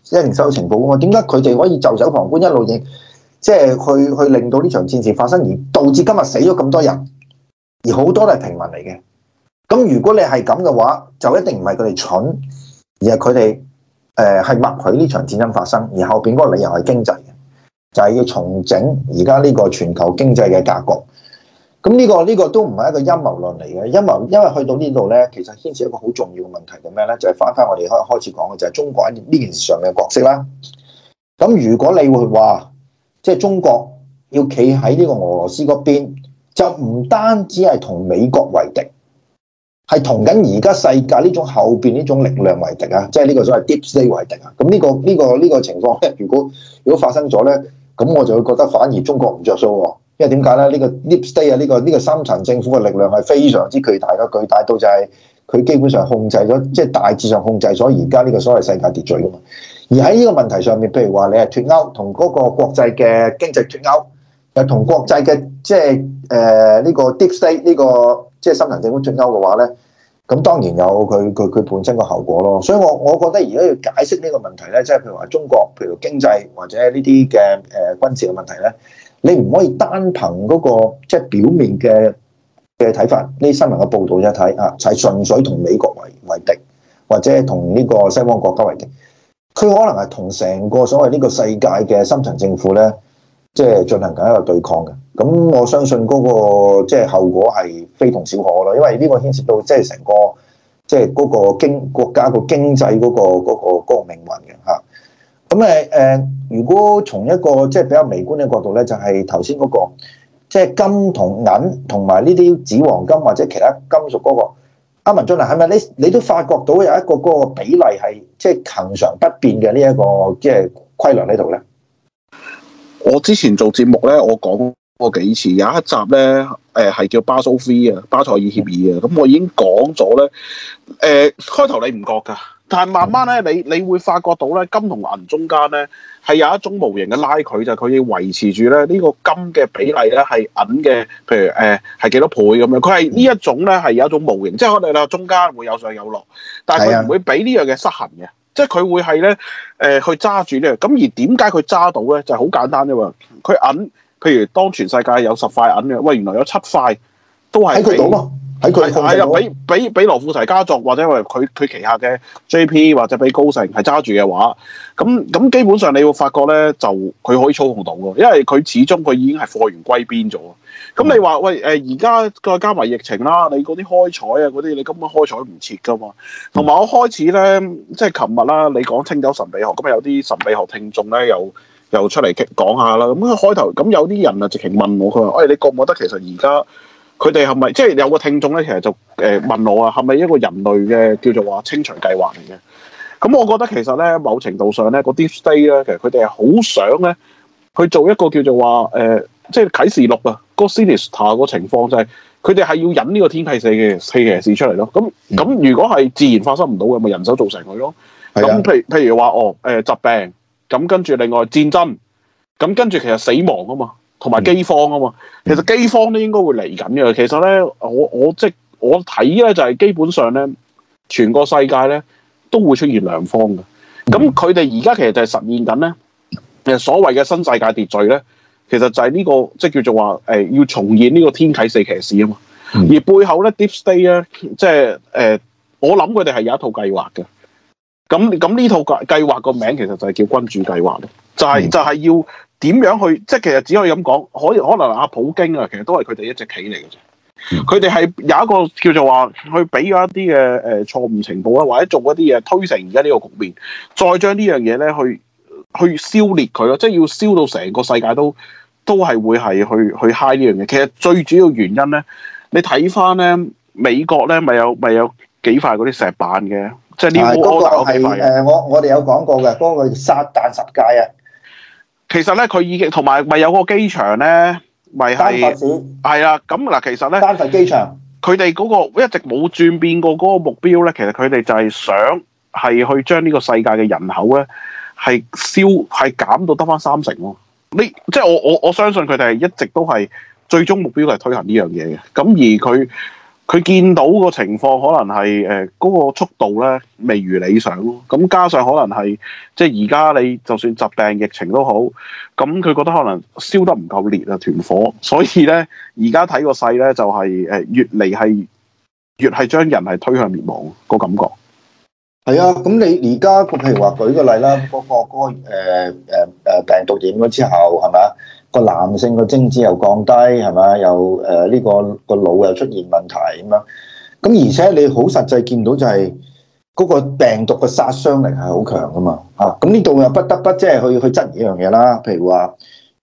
喎，一定收到情報嘅喎。點解佢哋可以袖手旁觀一路亦即係去去令到呢場戰事發生，而導致今日死咗咁多人？而好多都係平民嚟嘅，咁如果你係咁嘅話，就一定唔係佢哋蠢，而係佢哋誒係默許呢場戰爭發生，而後邊嗰個理由係經濟，就係要重整而家呢個全球經濟嘅格局。咁呢個呢個都唔係一個陰謀論嚟嘅，陰謀，因為去到呢度咧，其實牽涉一個好重要嘅問題，就咩咧？就係翻翻我哋開開始講嘅，就係中國喺呢件事上嘅角色啦。咁如果你會話即係中國要企喺呢個俄羅斯嗰邊？就唔單止係同美國為敵，係同緊而家世界呢種後邊呢種力量為敵啊！即係呢個所謂 deep state 為敵啊！咁呢個呢個呢個情況，如果如果發生咗呢，咁我就會覺得反而中國唔着數喎，因為點解呢？呢個 deep state 啊，呢個呢個三層政府嘅力量係非常之巨大嘅，巨大到就係佢基本上控制咗，即係大致上控制咗而家呢個所謂世界秩序㗎嘛。而喺呢個問題上面，譬如話你係脱歐，同嗰個國際嘅經濟脱歐。誒同國際嘅即係誒呢個 deep state 呢個即係深層政府脱鈎嘅話咧，咁當然有佢佢佢本身嘅後果咯。所以我我覺得如果要解釋呢個問題咧，即係譬如話中國，譬如經濟或者呢啲嘅誒軍事嘅問題咧，你唔可以單憑嗰個即係表面嘅嘅睇法，呢新聞嘅報導一睇啊，就係純粹同美國為為敵，或者同呢個西方國家為敵，佢可能係同成個所謂呢個世界嘅深層政府咧。即係進行緊一個對抗嘅，咁我相信嗰個即係後果係非同小可咯，因為呢個牽涉到即係成個即係嗰個經國家個經濟嗰個嗰個嗰個命運嘅吓。咁誒誒，如果從一個即係比較微觀嘅角度咧，就係頭先嗰個即係金同銀同埋呢啲紙黃金或者其他金屬嗰個。阿文俊啊，係咪你你都發覺到有一個嗰個比例係即係恆常不變嘅呢一個即係規律呢度咧？我之前做節目咧，我講過幾次，有一集咧，誒、呃、係叫巴蘇協啊、巴塞爾協議啊，咁我已經講咗咧，誒、呃、開頭你唔覺㗎，但係慢慢咧，你你會發覺到咧，金同銀中間咧係有一種無形嘅拉鋸，就係、是、佢要維持住咧呢、這個金嘅比例咧係銀嘅，譬如誒係幾多倍咁樣，佢係呢一種咧係有一種無形，即係可能啦中間會有上有落，但係佢唔會俾呢樣嘅失衡嘅。即係佢會係咧，誒、呃、去揸住咧，咁而點解佢揸到咧？就係、是、好簡單啫喎、啊。佢銀，譬如當全世界有十塊銀嘅，喂，原來有七塊都係喺佢度咯，喺佢係啊，俾俾俾羅富齊家族或者係佢佢旗下嘅 JP 或者俾高盛係揸住嘅話，咁咁基本上你會發覺咧，就佢可以操控到嘅，因為佢始終佢已經係貨源歸邊咗。咁你話喂誒，而家再加埋疫情啦，你嗰啲開採啊嗰啲，你根本開採唔切噶嘛。同埋我開始咧，即係琴日啦，你講清走神秘學，咁有啲神秘學聽眾咧，又又出嚟講下啦。咁啊開頭咁有啲人啊，直情問我佢話：，誒、哎、你覺唔覺得其實而家佢哋係咪即係有個聽眾咧？其實就誒問我啊，係咪一個人類嘅叫做話清除計劃嚟嘅？咁我覺得其實咧，某程度上咧，嗰啲 deep state 咧，其實佢哋係好想咧，去做一個叫做話誒。呃即係啟示錄啊，嗰、那個、Sinister 嗰情況就係佢哋係要引呢個天啟四嘅四騎士出嚟咯。咁咁如果係自然發生唔到嘅，咪人手造成佢咯。咁譬譬，譬如話哦，誒、呃、疾病，咁跟住另外戰爭，咁跟住其實死亡啊嘛，同埋饑荒啊嘛。其實饑荒都應該會嚟緊嘅。其實咧，我我即我睇咧就係、是、基本上咧，全個世界咧都會出現良方嘅。咁佢哋而家其實就係實現緊咧，其實所謂嘅新世界秩序咧。其實就係呢、這個即係叫做話誒、呃、要重現呢個天啟四騎士啊嘛，嗯、而背後咧 Deep State 咧，即係誒我諗佢哋係有一套計劃嘅。咁咁呢套計計劃個名其實就係叫君主計劃咯，就係、是、就係、是、要點樣去即係其實只可以咁講，可以可能阿普京啊，其實都係佢哋一隻棋嚟嘅啫。佢哋係有一個叫做話去俾咗一啲嘅誒錯誤情報啊，或者做一啲嘢推成而家呢個局面，再將呢樣嘢咧去去消滅佢咯，即係要燒到成個世界都。都係會係去去 high 呢樣嘢。其實最主要原因咧，你睇翻咧美國咧，咪有咪有幾塊嗰啲石板嘅，即係呢烏拉個我我哋有講過嘅，嗰個撒旦十誡啊。其實咧，佢已經同埋咪有個機場咧，咪係係啊。咁嗱，其實咧丹佛機場，佢哋嗰個一直冇轉變過嗰個目標咧，其實佢哋就係想係去將呢個世界嘅人口咧，係消係減到得翻三成咯。你即係我我我相信佢哋係一直都係最終目標係推行呢樣嘢嘅，咁而佢佢見到個情況可能係誒嗰個速度咧未如理想咯，咁加上可能係即係而家你就算疾病疫情都好，咁佢覺得可能燒得唔夠烈啊，團火，所以咧而家睇個勢咧就係、是、誒越嚟係越係將人係推向滅亡個感覺。係啊，咁你而家個譬如話舉個例啦，嗰個嗰個誒誒誒病毒染咗之後係咪啊？個男性個精子又降低係咪啊？又誒呢個個腦又出現問題咁樣，咁而且你好實際見到就係嗰個病毒嘅殺傷力係好強㗎嘛嚇，咁呢度又不得不即係去去質疑呢樣嘢啦。譬如話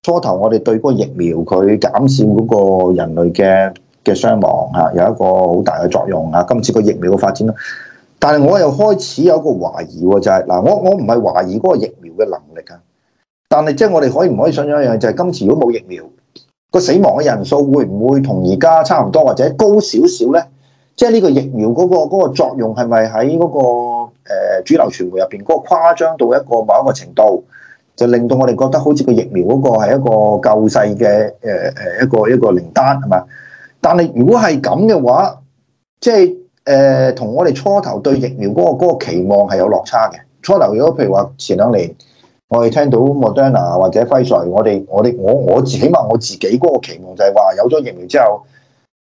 初頭我哋對嗰個疫苗佢減少嗰個人類嘅嘅傷亡嚇、啊，有一個好大嘅作用啊。今次個疫苗嘅發展。但係我又開始有個懷疑喎、啊，就係、是、嗱，我我唔係懷疑嗰個疫苗嘅能力啊，但係即係我哋可唔可以想像一樣，就係、是、今次如果冇疫苗，個死亡嘅人數會唔會同而家差唔多，或者高少少咧？即係呢個疫苗嗰、嗰個嗰個作用係咪喺嗰個主流傳媒入邊嗰個誇張到一個某一個程度，就令到我哋覺得好似個疫苗嗰個係一個救世嘅誒誒一個一個靈丹係嘛？但係如果係咁嘅話，即、就、係、是。誒，同我哋初頭對疫苗嗰個嗰個期望係有落差嘅。初頭如果譬如話前兩年，我哋聽到 Moderna 或者輝瑞，我哋我哋我我，我我起碼我自己嗰個期望就係話有咗疫苗之後，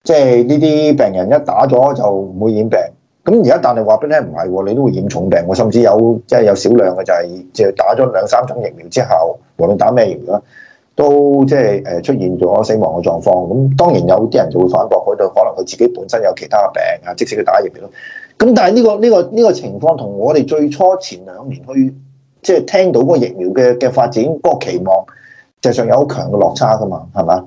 即係呢啲病人一打咗就唔會染病。咁而家但係話畀你聽，唔係喎，你都會染重病我、哦、甚至有即係、就係、有少量嘅就係就打咗兩三種疫苗之後，無論打咩疫苗。都即係誒出現咗死亡嘅狀況，咁當然有啲人就會反駁，佢就可能佢自己本身有其他嘅病啊，即使佢打疫苗，咁但係呢個呢個呢個情況同我哋最初前兩年去即係聽到嗰個疫苗嘅嘅發展嗰個期望，就上有好強嘅落差㗎嘛，係嘛？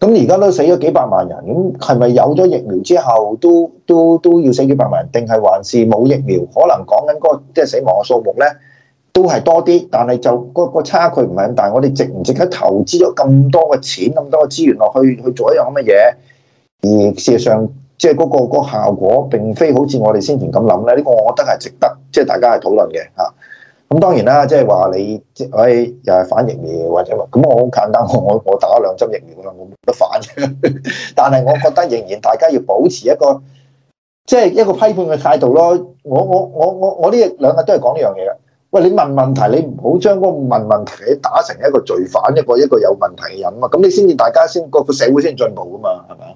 咁而家都死咗幾百萬人，咁係咪有咗疫苗之後都都都要死幾百萬人，定係還是冇疫苗可能講緊嗰即係死亡嘅數目咧？都係多啲，但係就、個差距唔係咁大。我哋值唔值得投資咗咁多嘅錢、咁多嘅資源落去去做一樣咁嘅嘢？而事實上，即係嗰個效果並非好似我哋先前咁諗咧。呢、呢個我覺得係值得，即、就、係、是、大家係討論嘅嚇。咁、啊、當然啦，即係話你即係、哎、又係反疫苗或者乜咁，我好簡單，我我我打咗兩針疫苗啦，冇得反。 但係我覺得仍然大家要保持一個即係、就是、一個批判嘅態度咯。我我我我我呢兩日都係講呢樣嘢嘅。喂，你問問題，你唔好將嗰個問問題打成一個罪犯，一個一個有問題嘅人啊，咁你先至大家先個社會先進步啊嘛，係咪啊？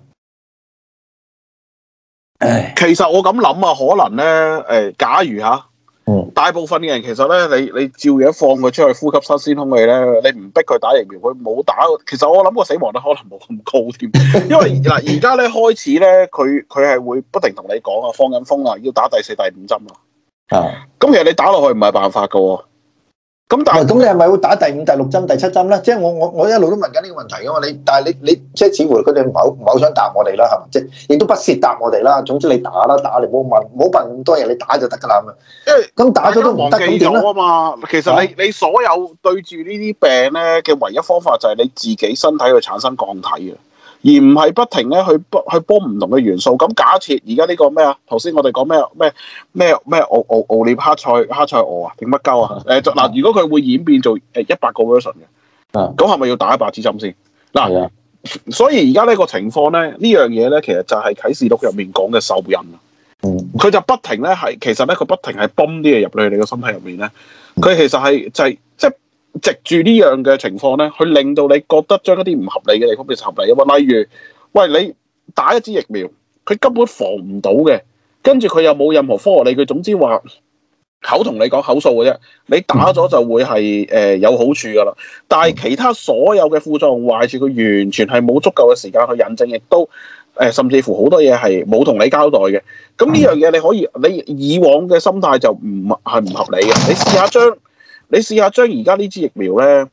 唉，其實我咁諗啊，可能咧，誒、欸，假如嚇、啊，大部分嘅人其實咧，你你照樣放佢出去呼吸新鮮空氣咧，你唔逼佢打疫苗，佢冇打，其實我諗個死亡率可能冇咁高添，因為嗱而家咧開始咧，佢佢係會不停同你講啊，放緊風啊，要打第四第五針啊。啊！咁、嗯嗯、其實你打落去唔係辦法噶，咁但係咁你係咪會打第五、第六針、第七針咧？即係我我我一路都問緊呢個問題噶嘛。你但係你你即係似乎佢哋唔係唔係好想答我哋啦，係咪？即係亦都不屑答我哋啦。總之你打啦，打你唔好問唔好問咁多嘢，你打就得噶啦。咁為打咗都忘記咗啊嘛。其實你你所有對住呢啲病咧嘅唯一方法就係你自己身體去產生抗體嘅。而唔係不停咧去不去幫唔同嘅元素。咁假設而家呢個咩啊？頭先我哋講咩咩咩咩奧奧奧尼帕賽哈塞俄啊？定乜鳩啊？誒嗱，如果佢會演變做誒一百個 version 嘅，咁係咪要打一百支針先？嗱、呃，的所以而家呢個情況咧，這個、呢樣嘢咧，其實就係啟示錄入面講嘅獸印啊。佢就不停咧係，其實咧佢不停係泵啲嘢入去你個身體入面咧，佢其實係就係。藉住呢樣嘅情況咧，去令到你覺得將一啲唔合理嘅地方變成合理嘅嘛？例如，喂，你打一支疫苗，佢根本防唔到嘅，跟住佢又冇任何科學理據，佢總之話口同你講口數嘅啫。你打咗就會係誒、呃、有好處噶啦，但係其他所有嘅副作用壞處，佢完全係冇足夠嘅時間去引證，亦都誒、呃、甚至乎好多嘢係冇同你交代嘅。咁呢樣嘢你可以，你以往嘅心態就唔係唔合理嘅。你試下將。你試下將而家呢支疫苗咧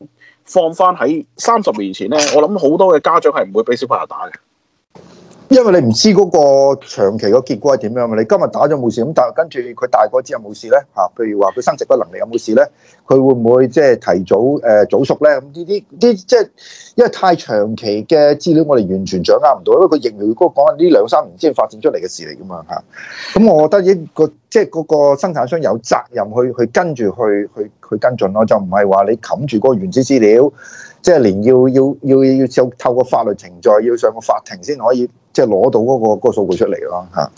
放返喺三十年前咧，我諗好多嘅家長係唔會俾小朋友打嘅。因為你唔知嗰個長期個結果係點樣嘛。你今日打咗冇事，咁但係跟住佢大個之後冇事咧嚇，譬如話佢生殖嘅能力有冇事咧？佢會唔會即係提早誒早熟咧？咁呢啲啲即係因為太長期嘅資料，我哋完全掌握唔到，因為佢疫苗嗰講緊呢兩三年先發展出嚟嘅事嚟㗎嘛嚇。咁我覺得一個即係嗰個生產商有責任去去跟住去去去跟進咯，就唔係話你冚住個原始資料，即係連要要要要透透過法律程序要上個法庭先可以。即係攞到嗰個嗰個數據出嚟囉嚇，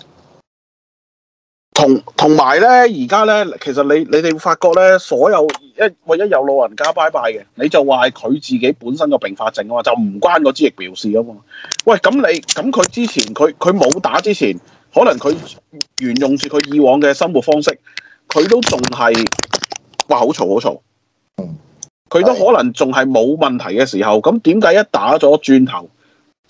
同同埋咧，而家咧，其實你你哋會發覺咧，所有一一有老人家拜拜嘅，你就話係佢自己本身個併發症啊嘛，就唔關個支疫苗事啊嘛。喂，咁你咁佢之前佢佢冇打之前，可能佢沿用住佢以往嘅生活方式，佢都仲係話好嘈好嘈，嗯，佢都可能仲係冇問題嘅時候，咁點解一打咗轉頭？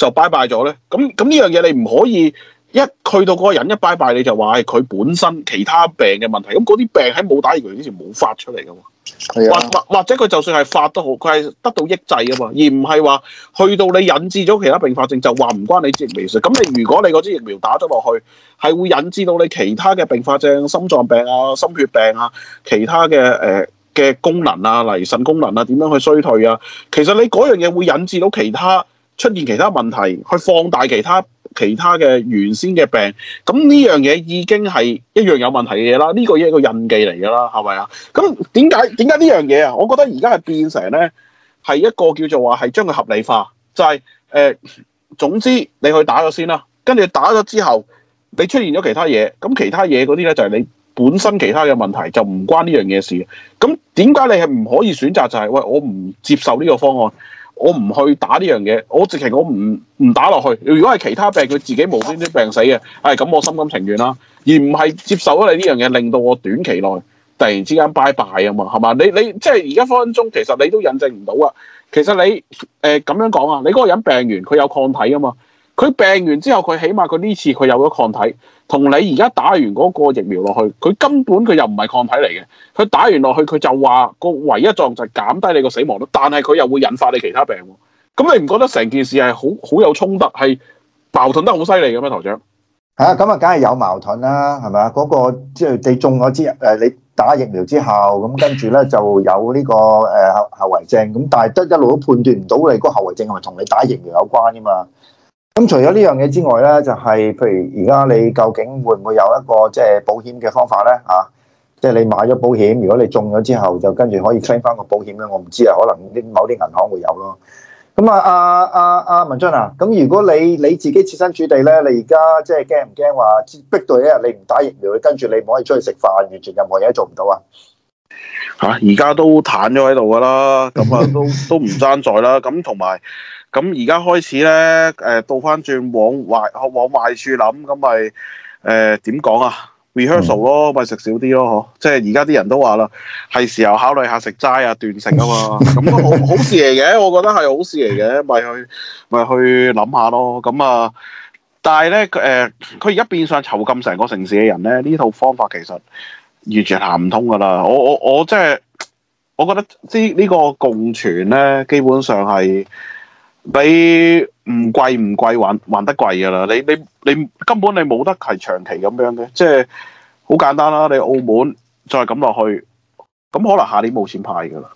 就拜拜咗咧，咁咁呢樣嘢你唔可以一去到嗰個人一拜拜，你就話係佢本身其他病嘅問題，咁嗰啲病喺冇打疫苗之前冇發出嚟噶嘛，或或的或者佢就算係發都好，佢係得到抑制噶嘛，而唔係話去到你引致咗其他併發症就話唔關你支疫苗事。咁你如果你嗰支疫苗打咗落去，係會引致到你其他嘅併發症，心臟病啊、心血病啊、其他嘅誒嘅功能啊，例如腎功能啊點樣去衰退啊，其實你嗰樣嘢會引致到其他。出現其他問題，去放大其他其他嘅原先嘅病，咁呢樣嘢已經係一樣有問題嘅嘢啦。呢個嘢係個印記嚟噶啦，係咪啊？咁點解點解呢樣嘢啊？我覺得而家係變成咧，係一個叫做話係將佢合理化，就係、是、誒、呃，總之你去打咗先啦，跟住打咗之後，你出現咗其他嘢，咁其他嘢嗰啲咧就係你本身其他嘅問題，就唔關呢樣嘢事嘅。咁點解你係唔可以選擇就係、是、喂我唔接受呢個方案？我唔去打呢樣嘢，我直情我唔唔打落去。如果係其他病，佢自己無端端病死嘅，係、哎、咁我心甘情願啦。而唔係接受咗你呢樣嘢，令到我短期內突然之間拜拜 e 啊嘛，係嘛？你你即係而家分分鐘，其實你都印證唔到啊。其實你誒咁、呃、樣講啊，你嗰個人病完佢有抗體啊嘛，佢病完之後佢起碼佢呢次佢有咗抗體。同你而家打完嗰個疫苗落去，佢根本佢又唔係抗體嚟嘅，佢打完落去佢就話個唯一作用就係減低你個死亡率，但係佢又會引發你其他病、啊，咁你唔覺得成件事係好好有衝突，係矛盾得好犀利嘅咩？台長嚇，咁啊，梗係有矛盾啦，係咪啊？嗰、那個即係、就是、你中咗之，誒，你打疫苗之後，咁跟住咧就有呢、這個誒、呃、後遺症，咁但係都一路都判斷唔到你嗰、那個後遺症係咪同你打疫苗有關㗎嘛？咁除咗呢樣嘢之外咧，就係、是、譬如而家你究竟會唔會有一個即係保險嘅方法咧？啊，即、就、係、是、你買咗保險，如果你中咗之後，就跟住可以 claim 翻個保險咧。我唔知啊，可能啲某啲銀行會有咯。咁啊，阿阿阿文俊啊，咁、啊啊、如果你你自己設身處地咧，你而家即係驚唔驚話逼到一日你唔打疫苗，跟住你唔可以出去食飯，完全任何嘢都做唔到啊？吓，而家都攤咗喺度噶啦，咁啊，都都唔爭 在啦。咁同埋。咁而家開始咧，誒、呃、倒翻轉往壞往壞處諗，咁、呃、咪誒點講啊？rehearsal 咯，咪食少啲咯，呵！即係而家啲人都話啦，係時候考慮下食齋啊、斷食啊嘛。咁 都好好事嚟嘅，我覺得係好事嚟嘅，咪去咪去諗下咯。咁啊，但係咧誒，佢而家變相囚禁成個城市嘅人咧，呢套方法其實完全行唔通噶啦。我我我即、就、係、是、我覺得呢呢個共存咧，基本上係。你唔貴唔貴，還還得貴噶啦！你你你根本你冇得係長期咁樣嘅，即係好簡單啦、啊！你澳門再咁落去，咁可能下年冇錢派噶啦。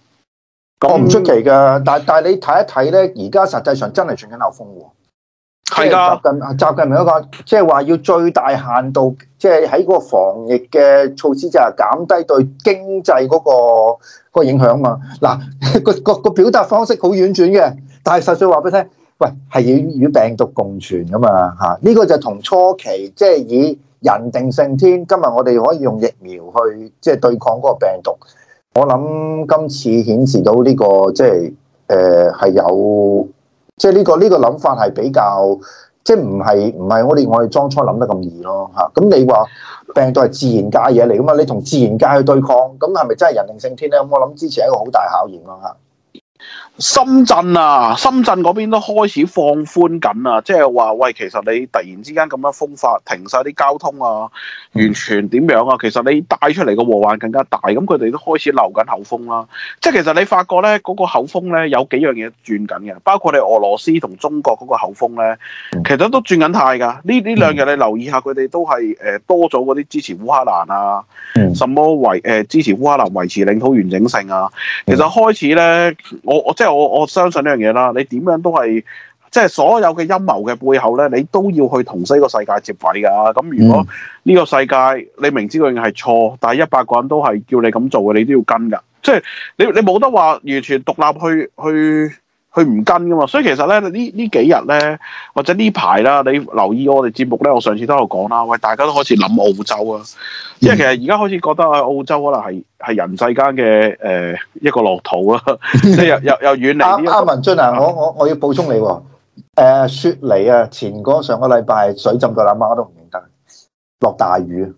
講唔出奇噶，但係但係你睇一睇咧，而家實際上真係轉緊流風喎。係噶。習近平一是的、嗰個即係話要最大限度，即係喺個防疫嘅措施就係減低對經濟嗰、嗰個、嗰個影響啊嘛。嗱，個個個表達方式好婉轉嘅。但係實際話俾你聽，喂係要與病毒共存噶嘛嚇？呢、啊這個就同初期即係、就是、以人定勝天。今日我哋可以用疫苗去即係、就是、對抗嗰個病毒。我諗今次顯示到呢、這個即係誒係有即係呢個呢、這個諗法係比較即係唔係唔係我哋我哋當初諗得咁易咯嚇？咁、啊、你話病毒係自然界嘢嚟噶嘛？你同自然界去對抗，咁係咪真係人定勝天咧？咁我諗之前係一個好大考驗咯嚇。啊深圳啊，深圳嗰邊都開始放寬緊啊，即係話喂，其實你突然之間咁樣封發停晒啲交通啊，完全點樣啊？其實你帶出嚟個禍患更加大，咁佢哋都開始留緊口風啦、啊。即係其實你發覺咧，嗰、那個口風咧有幾樣嘢轉緊嘅，包括你俄羅斯同中國嗰個口風咧，嗯、其實都轉緊態㗎。呢呢兩日你留意下佢哋都係誒、呃、多咗嗰啲支持烏克蘭啊，嗯、什麼維誒、呃、支持烏克蘭維持領土完整性啊。其實開始咧，我我即即係我我相信呢樣嘢啦，你點樣都係，即係所有嘅陰謀嘅背後咧，你都要去同西個世界接軌噶。咁如果呢個世界你明知佢係錯，但係一百個人都係叫你咁做嘅，你都要跟噶。即係你你冇得話完全獨立去去。佢唔跟㗎嘛，所以其實咧呢幾呢幾日咧，或者呢排啦，你留意我哋節目咧，我上次都有講啦，喂，大家都開始諗澳洲啊，因為、嗯、其實而家開始覺得啊澳洲可能係係人世間嘅誒一個樂土啊，即係又又又遠離啲。阿文進啊，啊我我我要補充你喎、啊，呃、雪梨啊，前個上個禮拜水浸到阿媽都唔認得，落大雨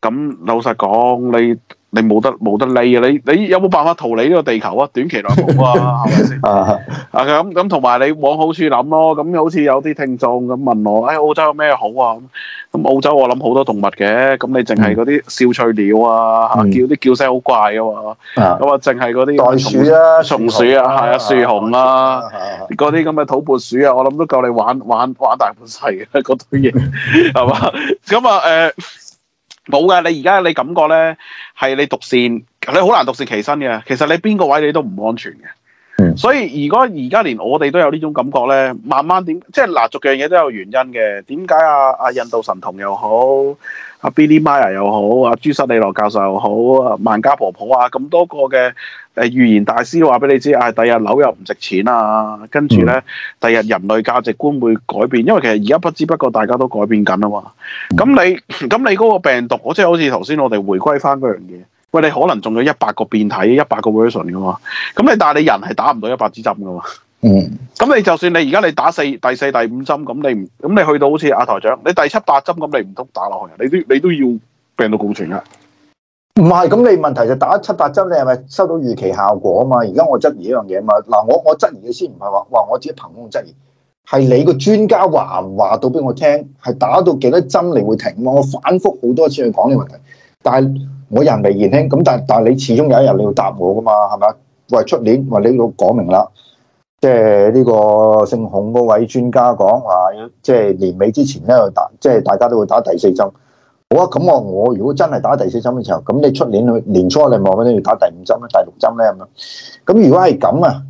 咁、啊、老實講你。你冇得冇得理啊！你你有冇辦法逃離呢個地球啊？短期內冇啊，係咪先？ 啊咁咁，同埋你往好處諗咯。咁、嗯、好似有啲聽眾咁問我，哎，澳洲有咩好啊？咁、嗯、澳洲我諗好多動物嘅。咁你淨係嗰啲笑翠鳥啊，叫啲叫聲好怪噶。咁啊，淨係嗰啲袋鼠啊、松鼠啊、係啊、樹熊啊，嗰啲咁嘅土撥鼠啊，我諗都夠你玩玩玩，玩大半世嘅嗰堆嘢，係嘛？咁 啊、 嗯、誒、嗯。呃冇嘅，你而家你感覺咧係你獨善，你好難獨善其身嘅。其實你邊個位你都唔安全嘅。嗯，所以如果而家連我哋都有呢種感覺咧，慢慢點即係嗱，逐樣嘢都有原因嘅。點解啊啊，啊印度神童又好，阿 Billie Mayer 又好，阿、啊、朱瑟利羅教授又好，萬、啊、家婆婆啊咁多個嘅。誒預言大師話俾你知，啊、哎，第日樓又唔值錢啊，跟住咧，第日人類價值觀會改變，因為其實而家不知不覺大家都改變緊啊嘛。咁你咁你嗰個病毒，就是、我即係好似頭先我哋回歸翻嗰樣嘢。喂，你可能仲有一百個變體，一百個 version 噶嘛。咁你但係你人係打唔到一百支針噶嘛。嗯。咁你就算你而家你打四第四第五針，咁你咁你去到好似阿台長，你第七八針咁你唔通打落去？你都你都要病到共存啊。唔係，咁你問題就打七八針，你係咪收到預期效果啊嘛？而家我質疑呢樣嘢啊嘛，嗱，我我質疑嘅先唔係話，哇，我自己憑空質疑，係你個專家話唔話到俾我聽，係打到幾多針你會停啊？我反覆好多次去講呢問題，但係我人微言輕，咁但係但係你始終有一日你要答我噶嘛，係咪？喂，出年，喂，你要講明啦，即係呢個姓孔嗰位專家講話，即係年尾之前咧去打，即係大家都會打第四針。好啊，咁我如果真係打第四針嘅時候，咁你出年去年初你望緊要打第五針咧、第六針咧咁樣，咁如果係咁啊，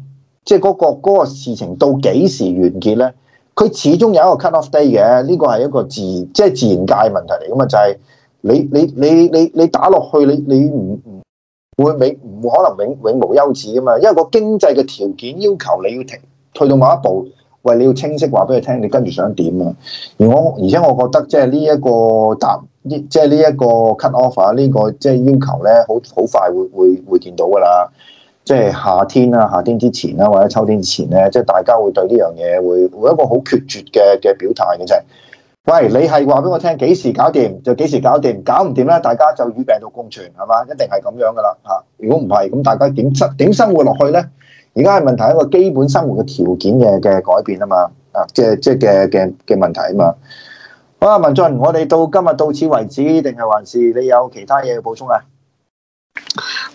即係嗰個事情到幾時完結咧？佢始終有一個 cut off day 嘅，呢個係一個自即係、就是、自然界問題嚟噶嘛，就係、是、你你你你你打落去，你你唔唔會未唔可能永永無休止噶嘛，因為個經濟嘅條件要求你要停，退到某一步，喂，你要清晰話俾佢聽，你跟住想點啊？而我而且我覺得即係呢一個答。即係呢一個 cut off，呢個即係要求咧，好好快會會會見到噶啦。即係夏天啊，夏天之前啦，或者秋天之前咧，即係大家會對呢樣嘢會會一個好決絕嘅嘅表態嘅啫。喂，你係話俾我聽幾時搞掂就幾時搞掂，搞唔掂咧，大家就與病毒共存係嘛？一定係咁樣噶啦嚇。如果唔係，咁大家點生點生活落去咧？而家係問題一個基本生活嘅條件嘅嘅改變啊嘛，啊，即係即係嘅嘅嘅問題啊嘛。文俊，我哋到今日到此為止，定係還是你有其他嘢要補充啊？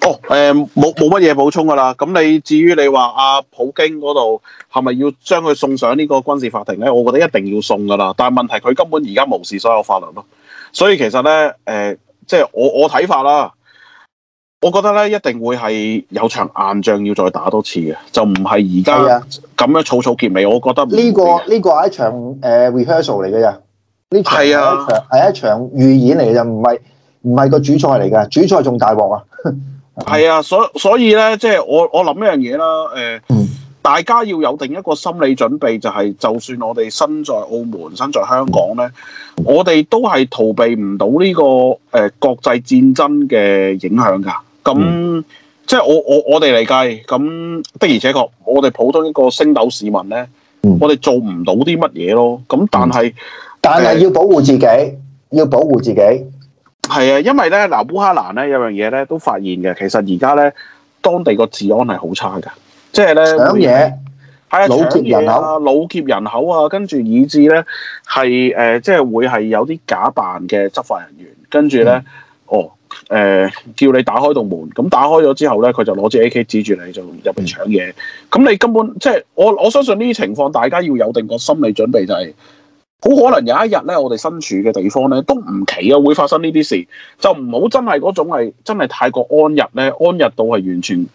哦，誒、呃，冇冇乜嘢補充噶啦。咁你至於你話阿、啊、普京嗰度係咪要將佢送上呢個軍事法庭咧？我覺得一定要送噶啦。但係問題佢根本而家無視所有法律咯。所以其實咧，誒、呃，即係我我睇法啦，我覺得咧一定會係有場硬仗要再打多次嘅，就唔係而家咁樣草草結尾。我覺得呢、啊這個呢、這個係一場誒 rehearsal 嚟嘅啫。Uh, 呢場係一場預、啊、演嚟嘅，唔係唔係個主菜嚟嘅，主菜仲大鑊啊！係 啊，所以所以咧，即、就、係、是、我我諗一樣嘢啦，誒、呃，嗯、大家要有定一個心理準備，就係、是、就算我哋身在澳門、身在香港咧，我哋都係逃避唔到呢個誒國際戰爭嘅影響噶。咁即係我我我哋嚟計，咁的而且確，我哋普通一個星斗市民咧，我哋做唔到啲乜嘢咯。咁但係。但係要保護自己，要保護自己，係啊，因為咧，嗱烏克蘭咧有樣嘢咧都發現嘅，其實而家咧當地個治安係好差㗎，即係咧搶嘢野，係啊的，劫人口、啊，老劫人口啊，跟住以至咧係誒，即係會係有啲假扮嘅執法人員，跟住咧，嗯、哦誒、呃，叫你打開道門，咁打開咗之後咧，佢就攞支 A K 指住你，就入去搶嘢，咁、嗯、你根本即係我我，我，我相信呢啲情況，大家要有定個心理準備就係、是。就是好可能有一日咧，我哋身處嘅地方咧都唔奇啊，會發生呢啲事。就唔好真係嗰種係真係太過安逸咧，安逸到係完全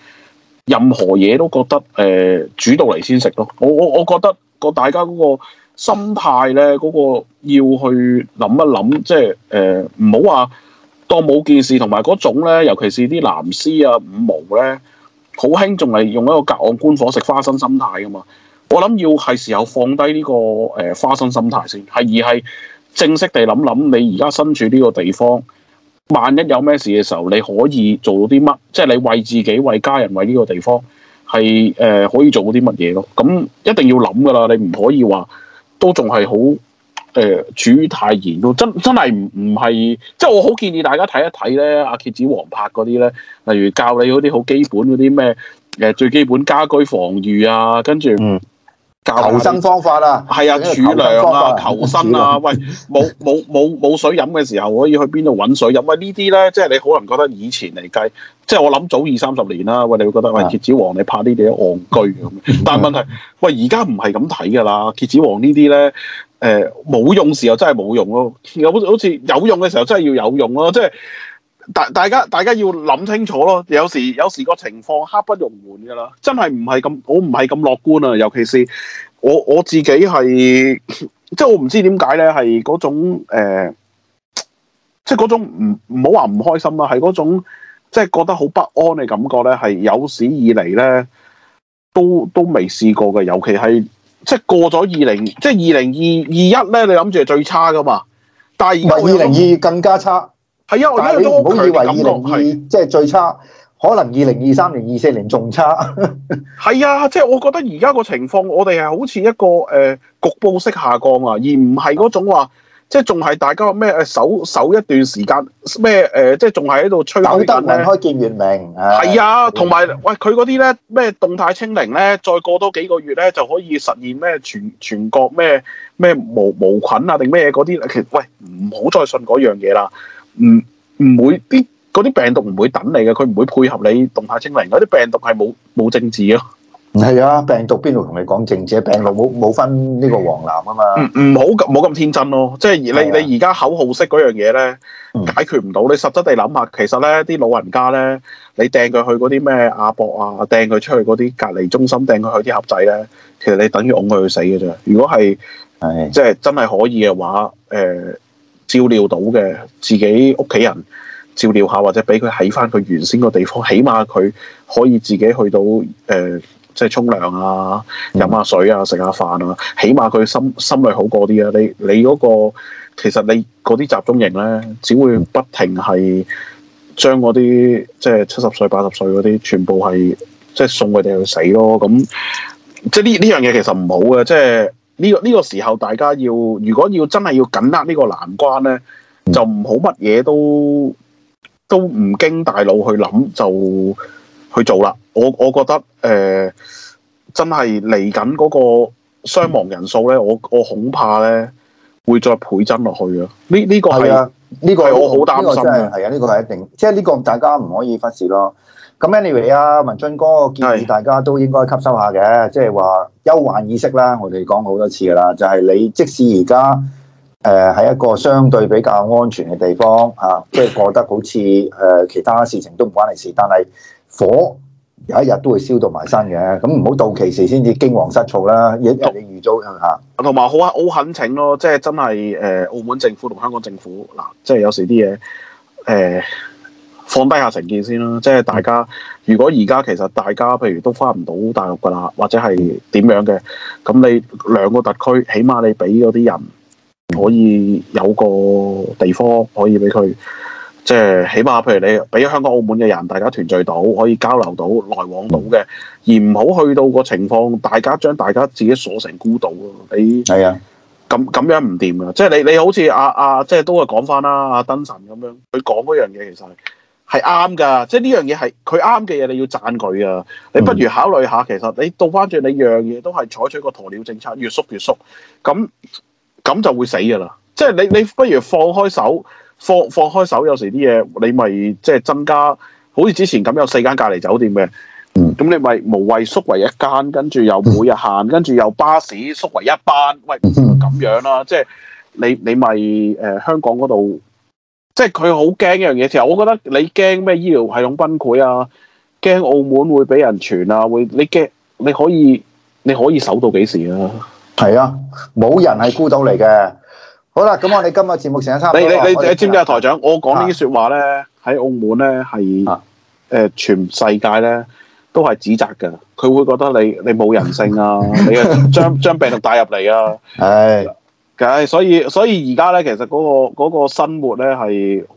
任何嘢都覺得誒、呃、煮到嚟先食咯。我我我覺得個大家嗰個心態咧，嗰、嗰個要去諗一諗，即係誒唔好話當冇件事，同埋嗰種咧，尤其是啲藍絲啊、五毛咧，好興仲係用一個隔岸觀火食花生心態噶嘛。我諗要係時候放低呢、這個誒、呃、花生心態先，係而係正式地諗諗，你而家身處呢個地方，萬一有咩事嘅時候，你可以做到啲乜？即係你為自己、為家人、為呢個地方，係誒、呃、可以做到啲乜嘢咯？咁一定要諗噶啦，你唔可以話都仲係好誒處於泰然咯。真真係唔唔係，即係我好建議大家睇一睇咧，阿蝎子王拍嗰啲咧，例如教你嗰啲好基本嗰啲咩誒最基本家居防禦啊，跟住。嗯生啊啊，求生方法啊，係啊，儲糧啊，求生啊，喂，冇冇冇冇水飲嘅時候，可以去邊度搵水飲喂，呢啲咧，即係你可能覺得以前嚟計，即係我諗早二三十年啦，喂，你會覺得喂蠍是的 子王你怕呢啲嘢戇居咁，是的 但係問題喂而家唔係咁睇噶啦，蠍子王呢啲咧，誒、呃，冇用，時，用，用時候真係冇用咯，好似好似有用嘅時候真係要有用咯，即、就、係、是。就是大大家大家要諗清楚咯，有時有時個情況刻不容緩噶啦，真係唔係咁，我唔係咁樂觀啊。尤其是我我自己係，即係我唔知點解咧，係嗰種誒、呃，即係嗰種唔唔好話唔開心啦、啊，係嗰種即係覺得好不安嘅感覺咧，係有史以嚟，咧都都未試過嘅。尤其係即係過咗二零，即係二零二二一咧，你諗住係最差噶嘛？但係二零二二更加差。啊，我係你都唔好以為二零二即係最差，可能二零二三年、二四年仲差係啊！即 係我覺得而家個情況，我哋係好似一個誒、呃、局部式下降啊，而唔係嗰種話即係仲係大家咩誒守守一段時間咩誒、呃，即係仲係喺度吹得咧。雲開見月明係啊，同埋喂佢嗰啲咧咩動態清零咧，再過多幾個月咧就可以實現咩全全國咩咩無無菌啊定咩嗰啲？其實喂唔好再信嗰樣嘢啦。唔唔會啲嗰啲病毒唔會等你嘅，佢唔會配合你動態清零。嗰啲病毒係冇冇政治咯。係啊，病毒邊度同你講政治？病毒冇冇分呢個黃藍啊嘛。唔唔好冇咁天真咯。即係你你而家口號式嗰樣嘢咧，解決唔到。你實質地諗下，其實咧啲老人家咧，你掟佢去嗰啲咩亞博啊，掟佢出去嗰啲隔離中心，掟佢去啲盒仔咧，其實你等於㧬佢去死嘅啫。如果係，係即係真係可以嘅話，誒。照料到嘅自己屋企人照料下，或者俾佢喺翻佢原先個地方，起碼佢可以自己去到誒、呃、即係沖涼啊、飲下水啊、食下飯啊，起碼佢心心裏好過啲啊！你你嗰個其實你嗰啲集中營咧，只會不停係將嗰啲即係七十歲八十歲嗰啲，全部係即係送佢哋去死咯。咁即係呢呢樣嘢其實唔好嘅，即係。呢、這個呢、這個時候，大家要如果要真係要緊握呢個難關呢，嗯、就唔好乜嘢都都唔經大腦去諗就去做啦。我我覺得誒、呃、真係嚟緊嗰個傷亡人數呢，嗯、我我恐怕呢會再倍增落去、這個、啊。呢呢、這個係啊，呢個我好擔心嘅係啊，呢、這個係一定即係呢個大家唔可以忽視咯。咁 anyway 啊，文進哥我建議大家都應該吸收下嘅，即係話憂患意識啦。我哋講好多次㗎喇，就係、是、你即使而家誒喺一個相對比較安全嘅地方嚇，即、啊、係、就是、過得好似誒、呃、其他事情都唔關你事，但係火有一日都會燒到埋身嘅。咁唔好到其時先至驚惶失措啦。日一日你預早下。同埋好啊，好懇請咯，即係真係誒、呃，澳門政府同香港政府嗱，即係有時啲嘢誒。呃放低下成見先啦，即係大家如果而家其實大家譬如都翻唔到大陸噶啦，或者係點樣嘅，咁你兩個特區，起碼你俾嗰啲人可以有個地方可以俾佢，即係起碼譬如你俾香港澳門嘅人，大家團聚到，可以交流到，來往到嘅，而唔好去到個情況，大家將大家自己鎖成孤島咯。你係的啊，咁咁樣唔掂㗎，即係你你好似阿阿即係都係講翻啦，阿、啊、登神咁樣，佢講嗰樣嘢其實。係啱噶，即係呢樣嘢係佢啱嘅嘢，你要讚佢啊！你不如考慮下，其實你倒翻轉，你樣嘢都係採取個鴕鳥政策，越縮越縮，咁咁就會死噶啦！即係你你不如放開手，放放開手，有時啲嘢你咪即係增加，好似之前咁有四間隔離酒店嘅，咁、嗯、你咪無謂縮為一間，跟住又每日限，跟住又巴士縮為一班，喂咁樣啦、啊！即係你你咪誒、呃、香港嗰度。即係佢好驚一樣嘢，其實我覺得你驚咩？醫療系統崩潰啊，驚澳門會俾人傳啊，會你驚你可以你可以守到幾時啊？係啊、嗯，冇人係孤島嚟嘅。嗯嗯、好啦，咁我哋今日節目時間差唔多。你你你，你知唔知啊台長？我講呢啲說話咧，喺嗎澳門咧係誒，全世界咧都係指責噶。佢會覺得你你冇人性啊， 你啊，將將病毒帶入嚟啊。係。所以所以而家咧，其實嗰、嗰個、嗰個生活咧係好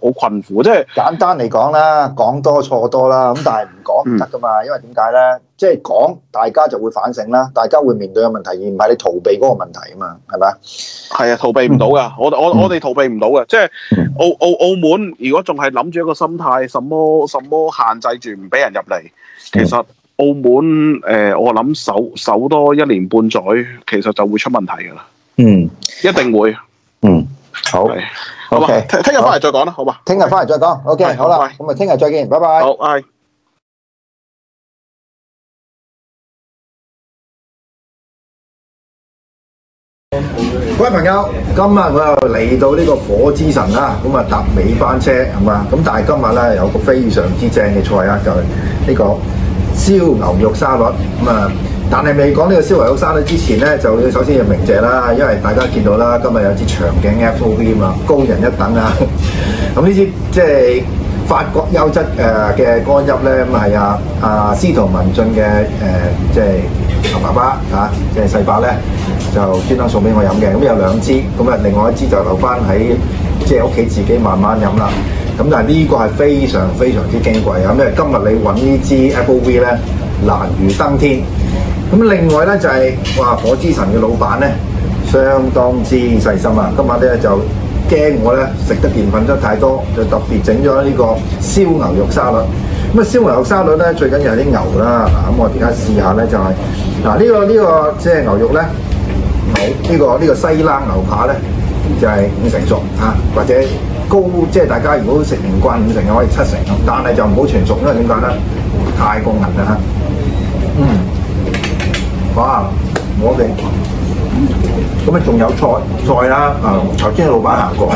好困苦，即係簡單嚟講啦，講多錯多啦，咁但係唔講唔得噶嘛？嗯、因為點解咧？即係講，大家就會反省啦，大家會面對嘅問題，而唔係你逃避嗰個問題啊嘛？係咪啊？係啊，逃避唔到噶，我我我哋逃避唔到噶，嗯、即係澳澳澳門如果仲係諗住一個心態，什麼什麼限制住唔俾人入嚟，嗯、其實澳門誒、呃，我諗守守多一年半載，其實就會出問題噶啦。嗯，一定會。嗯，好，好嘛。聽日翻嚟再講啦，好嘛。聽日翻嚟再講。OK，好啦，咁啊，聽日再見，拜拜。好，I。各位朋友，今日我又嚟到呢個火之神啦，咁啊搭尾班車，係嘛。咁但係今日咧有個非常之正嘅菜啊，就係呢個燒牛肉沙律，咁啊。但係未講呢個消遺谷山之前咧，就首先要鳴謝啦，因為大家見到啦，今日有支長頸 F.O.V. 啊，高人一等啊！咁呢、嗯、支即係法國優質誒嘅干邑咧，咁、呃、係啊啊司徒文進嘅誒即係阿爸爸啊，即係細伯咧，就專登送俾我飲嘅。咁、嗯、有兩支，咁、嗯、啊另外一支就留翻喺即係屋企自己慢慢飲啦。咁、嗯、但係呢個係非常非常之矜貴啊！因、嗯、為今日你揾呢支 F.O.V. 咧難如登天。咁另外咧就係、是、哇，火之神嘅老闆咧，相當之細心啊！今晚咧就驚我咧食得澱粉質太多，就特別整咗呢個燒牛肉沙律。咁啊，燒牛肉沙律咧最緊要係啲牛啦。咁、啊、我而家試下咧就係、是、嗱，呢、啊這個呢、這個即係、這個這個、牛肉咧，好呢、這個呢、這個西冷牛扒咧就係、是、五成熟啊，或者高即係、就是、大家如果食唔慣五成嘅，可以七成，但係就唔好全熟，因、啊、為點解咧？太過韌啦，嚇、啊，嗯。哇！我哋咁啊，仲有菜菜啦，啊頭先老闆行過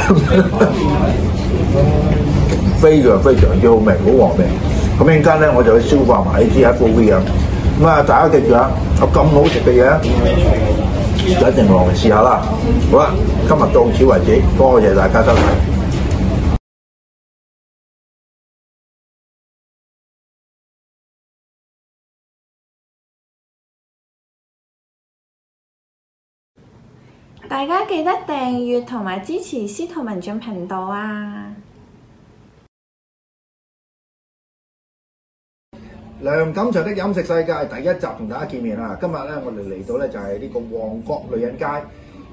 非，非常非常之好味，好和味。一陣間咧，會我就去消化埋 A T F V 啊。咁、嗯、啊，大家記住啊，有咁好食嘅嘢，一定落嚟試下啦。好啦，今日到此為止，多謝大家收睇。大家記得訂閱同埋支持司徒文進頻道啊！梁錦祥的飲食世界第一集同大家見面啦！今日咧，我哋嚟到咧就係、是、呢個旺角女人街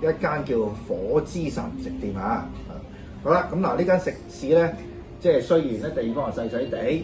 一間叫火之神食店啊！好啦，咁嗱，呢間食肆咧，即係雖然咧地方係細細地。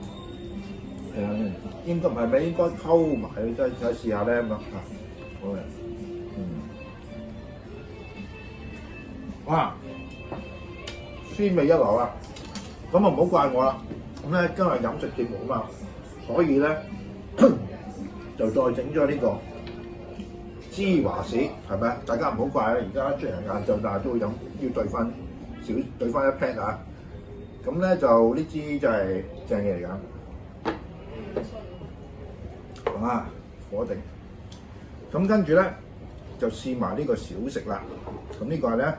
係啊、嗯，應該唔係咩？應該溝埋，再係試下咧咁啊！好啊，嗯，哇、嗯，鮮味一流啦！咁啊，唔好怪我啦。咁咧今日飲食節目啊嘛，所以咧 就再整咗呢個芝華士係咪啊？大家唔好怪啊！而家出人晏晝，但係都要飲，要兌翻少，兌翻一 pat 啊！咁咧就呢支就係正嘢嚟㗎。咁啊，火定咁跟住咧，就試埋呢個小食啦。咁、這個、呢個咧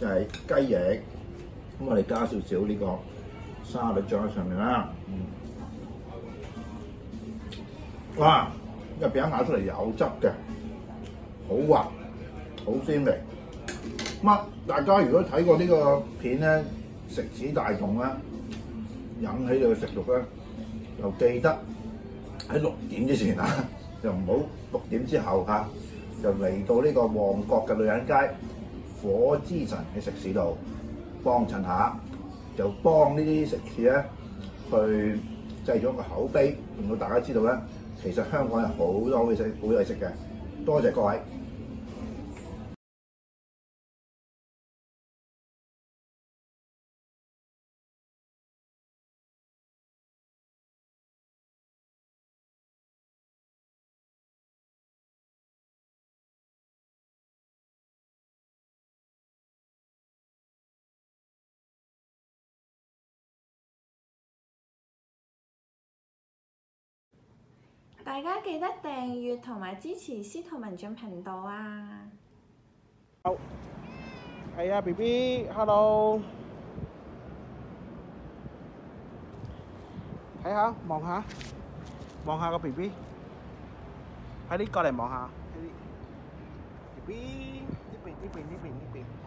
就係、是、雞翼，咁我哋加少少呢個沙律醬喺上面啦、嗯。哇，哇！個餅咬出嚟有汁嘅，好滑，好鮮味。乜、啊？大家如果睇過呢個片咧，食指大動啦，引起你個食慾啦。又記得喺六點之前啊，就唔好六點之後啊，就嚟到呢個旺角嘅女人街火之神嘅食肆度幫襯下，就幫呢啲食肆咧去製咗個口碑，令到大家知道咧，其實香港有好多好嘢食，好嘢食嘅，多謝各位。大家記得訂閱同埋支持司徒文進頻道啊！好，係啊，B B，hello，睇下望下望下個 B B，快啲過嚟望下，B B，呢邊呢邊呢邊呢邊。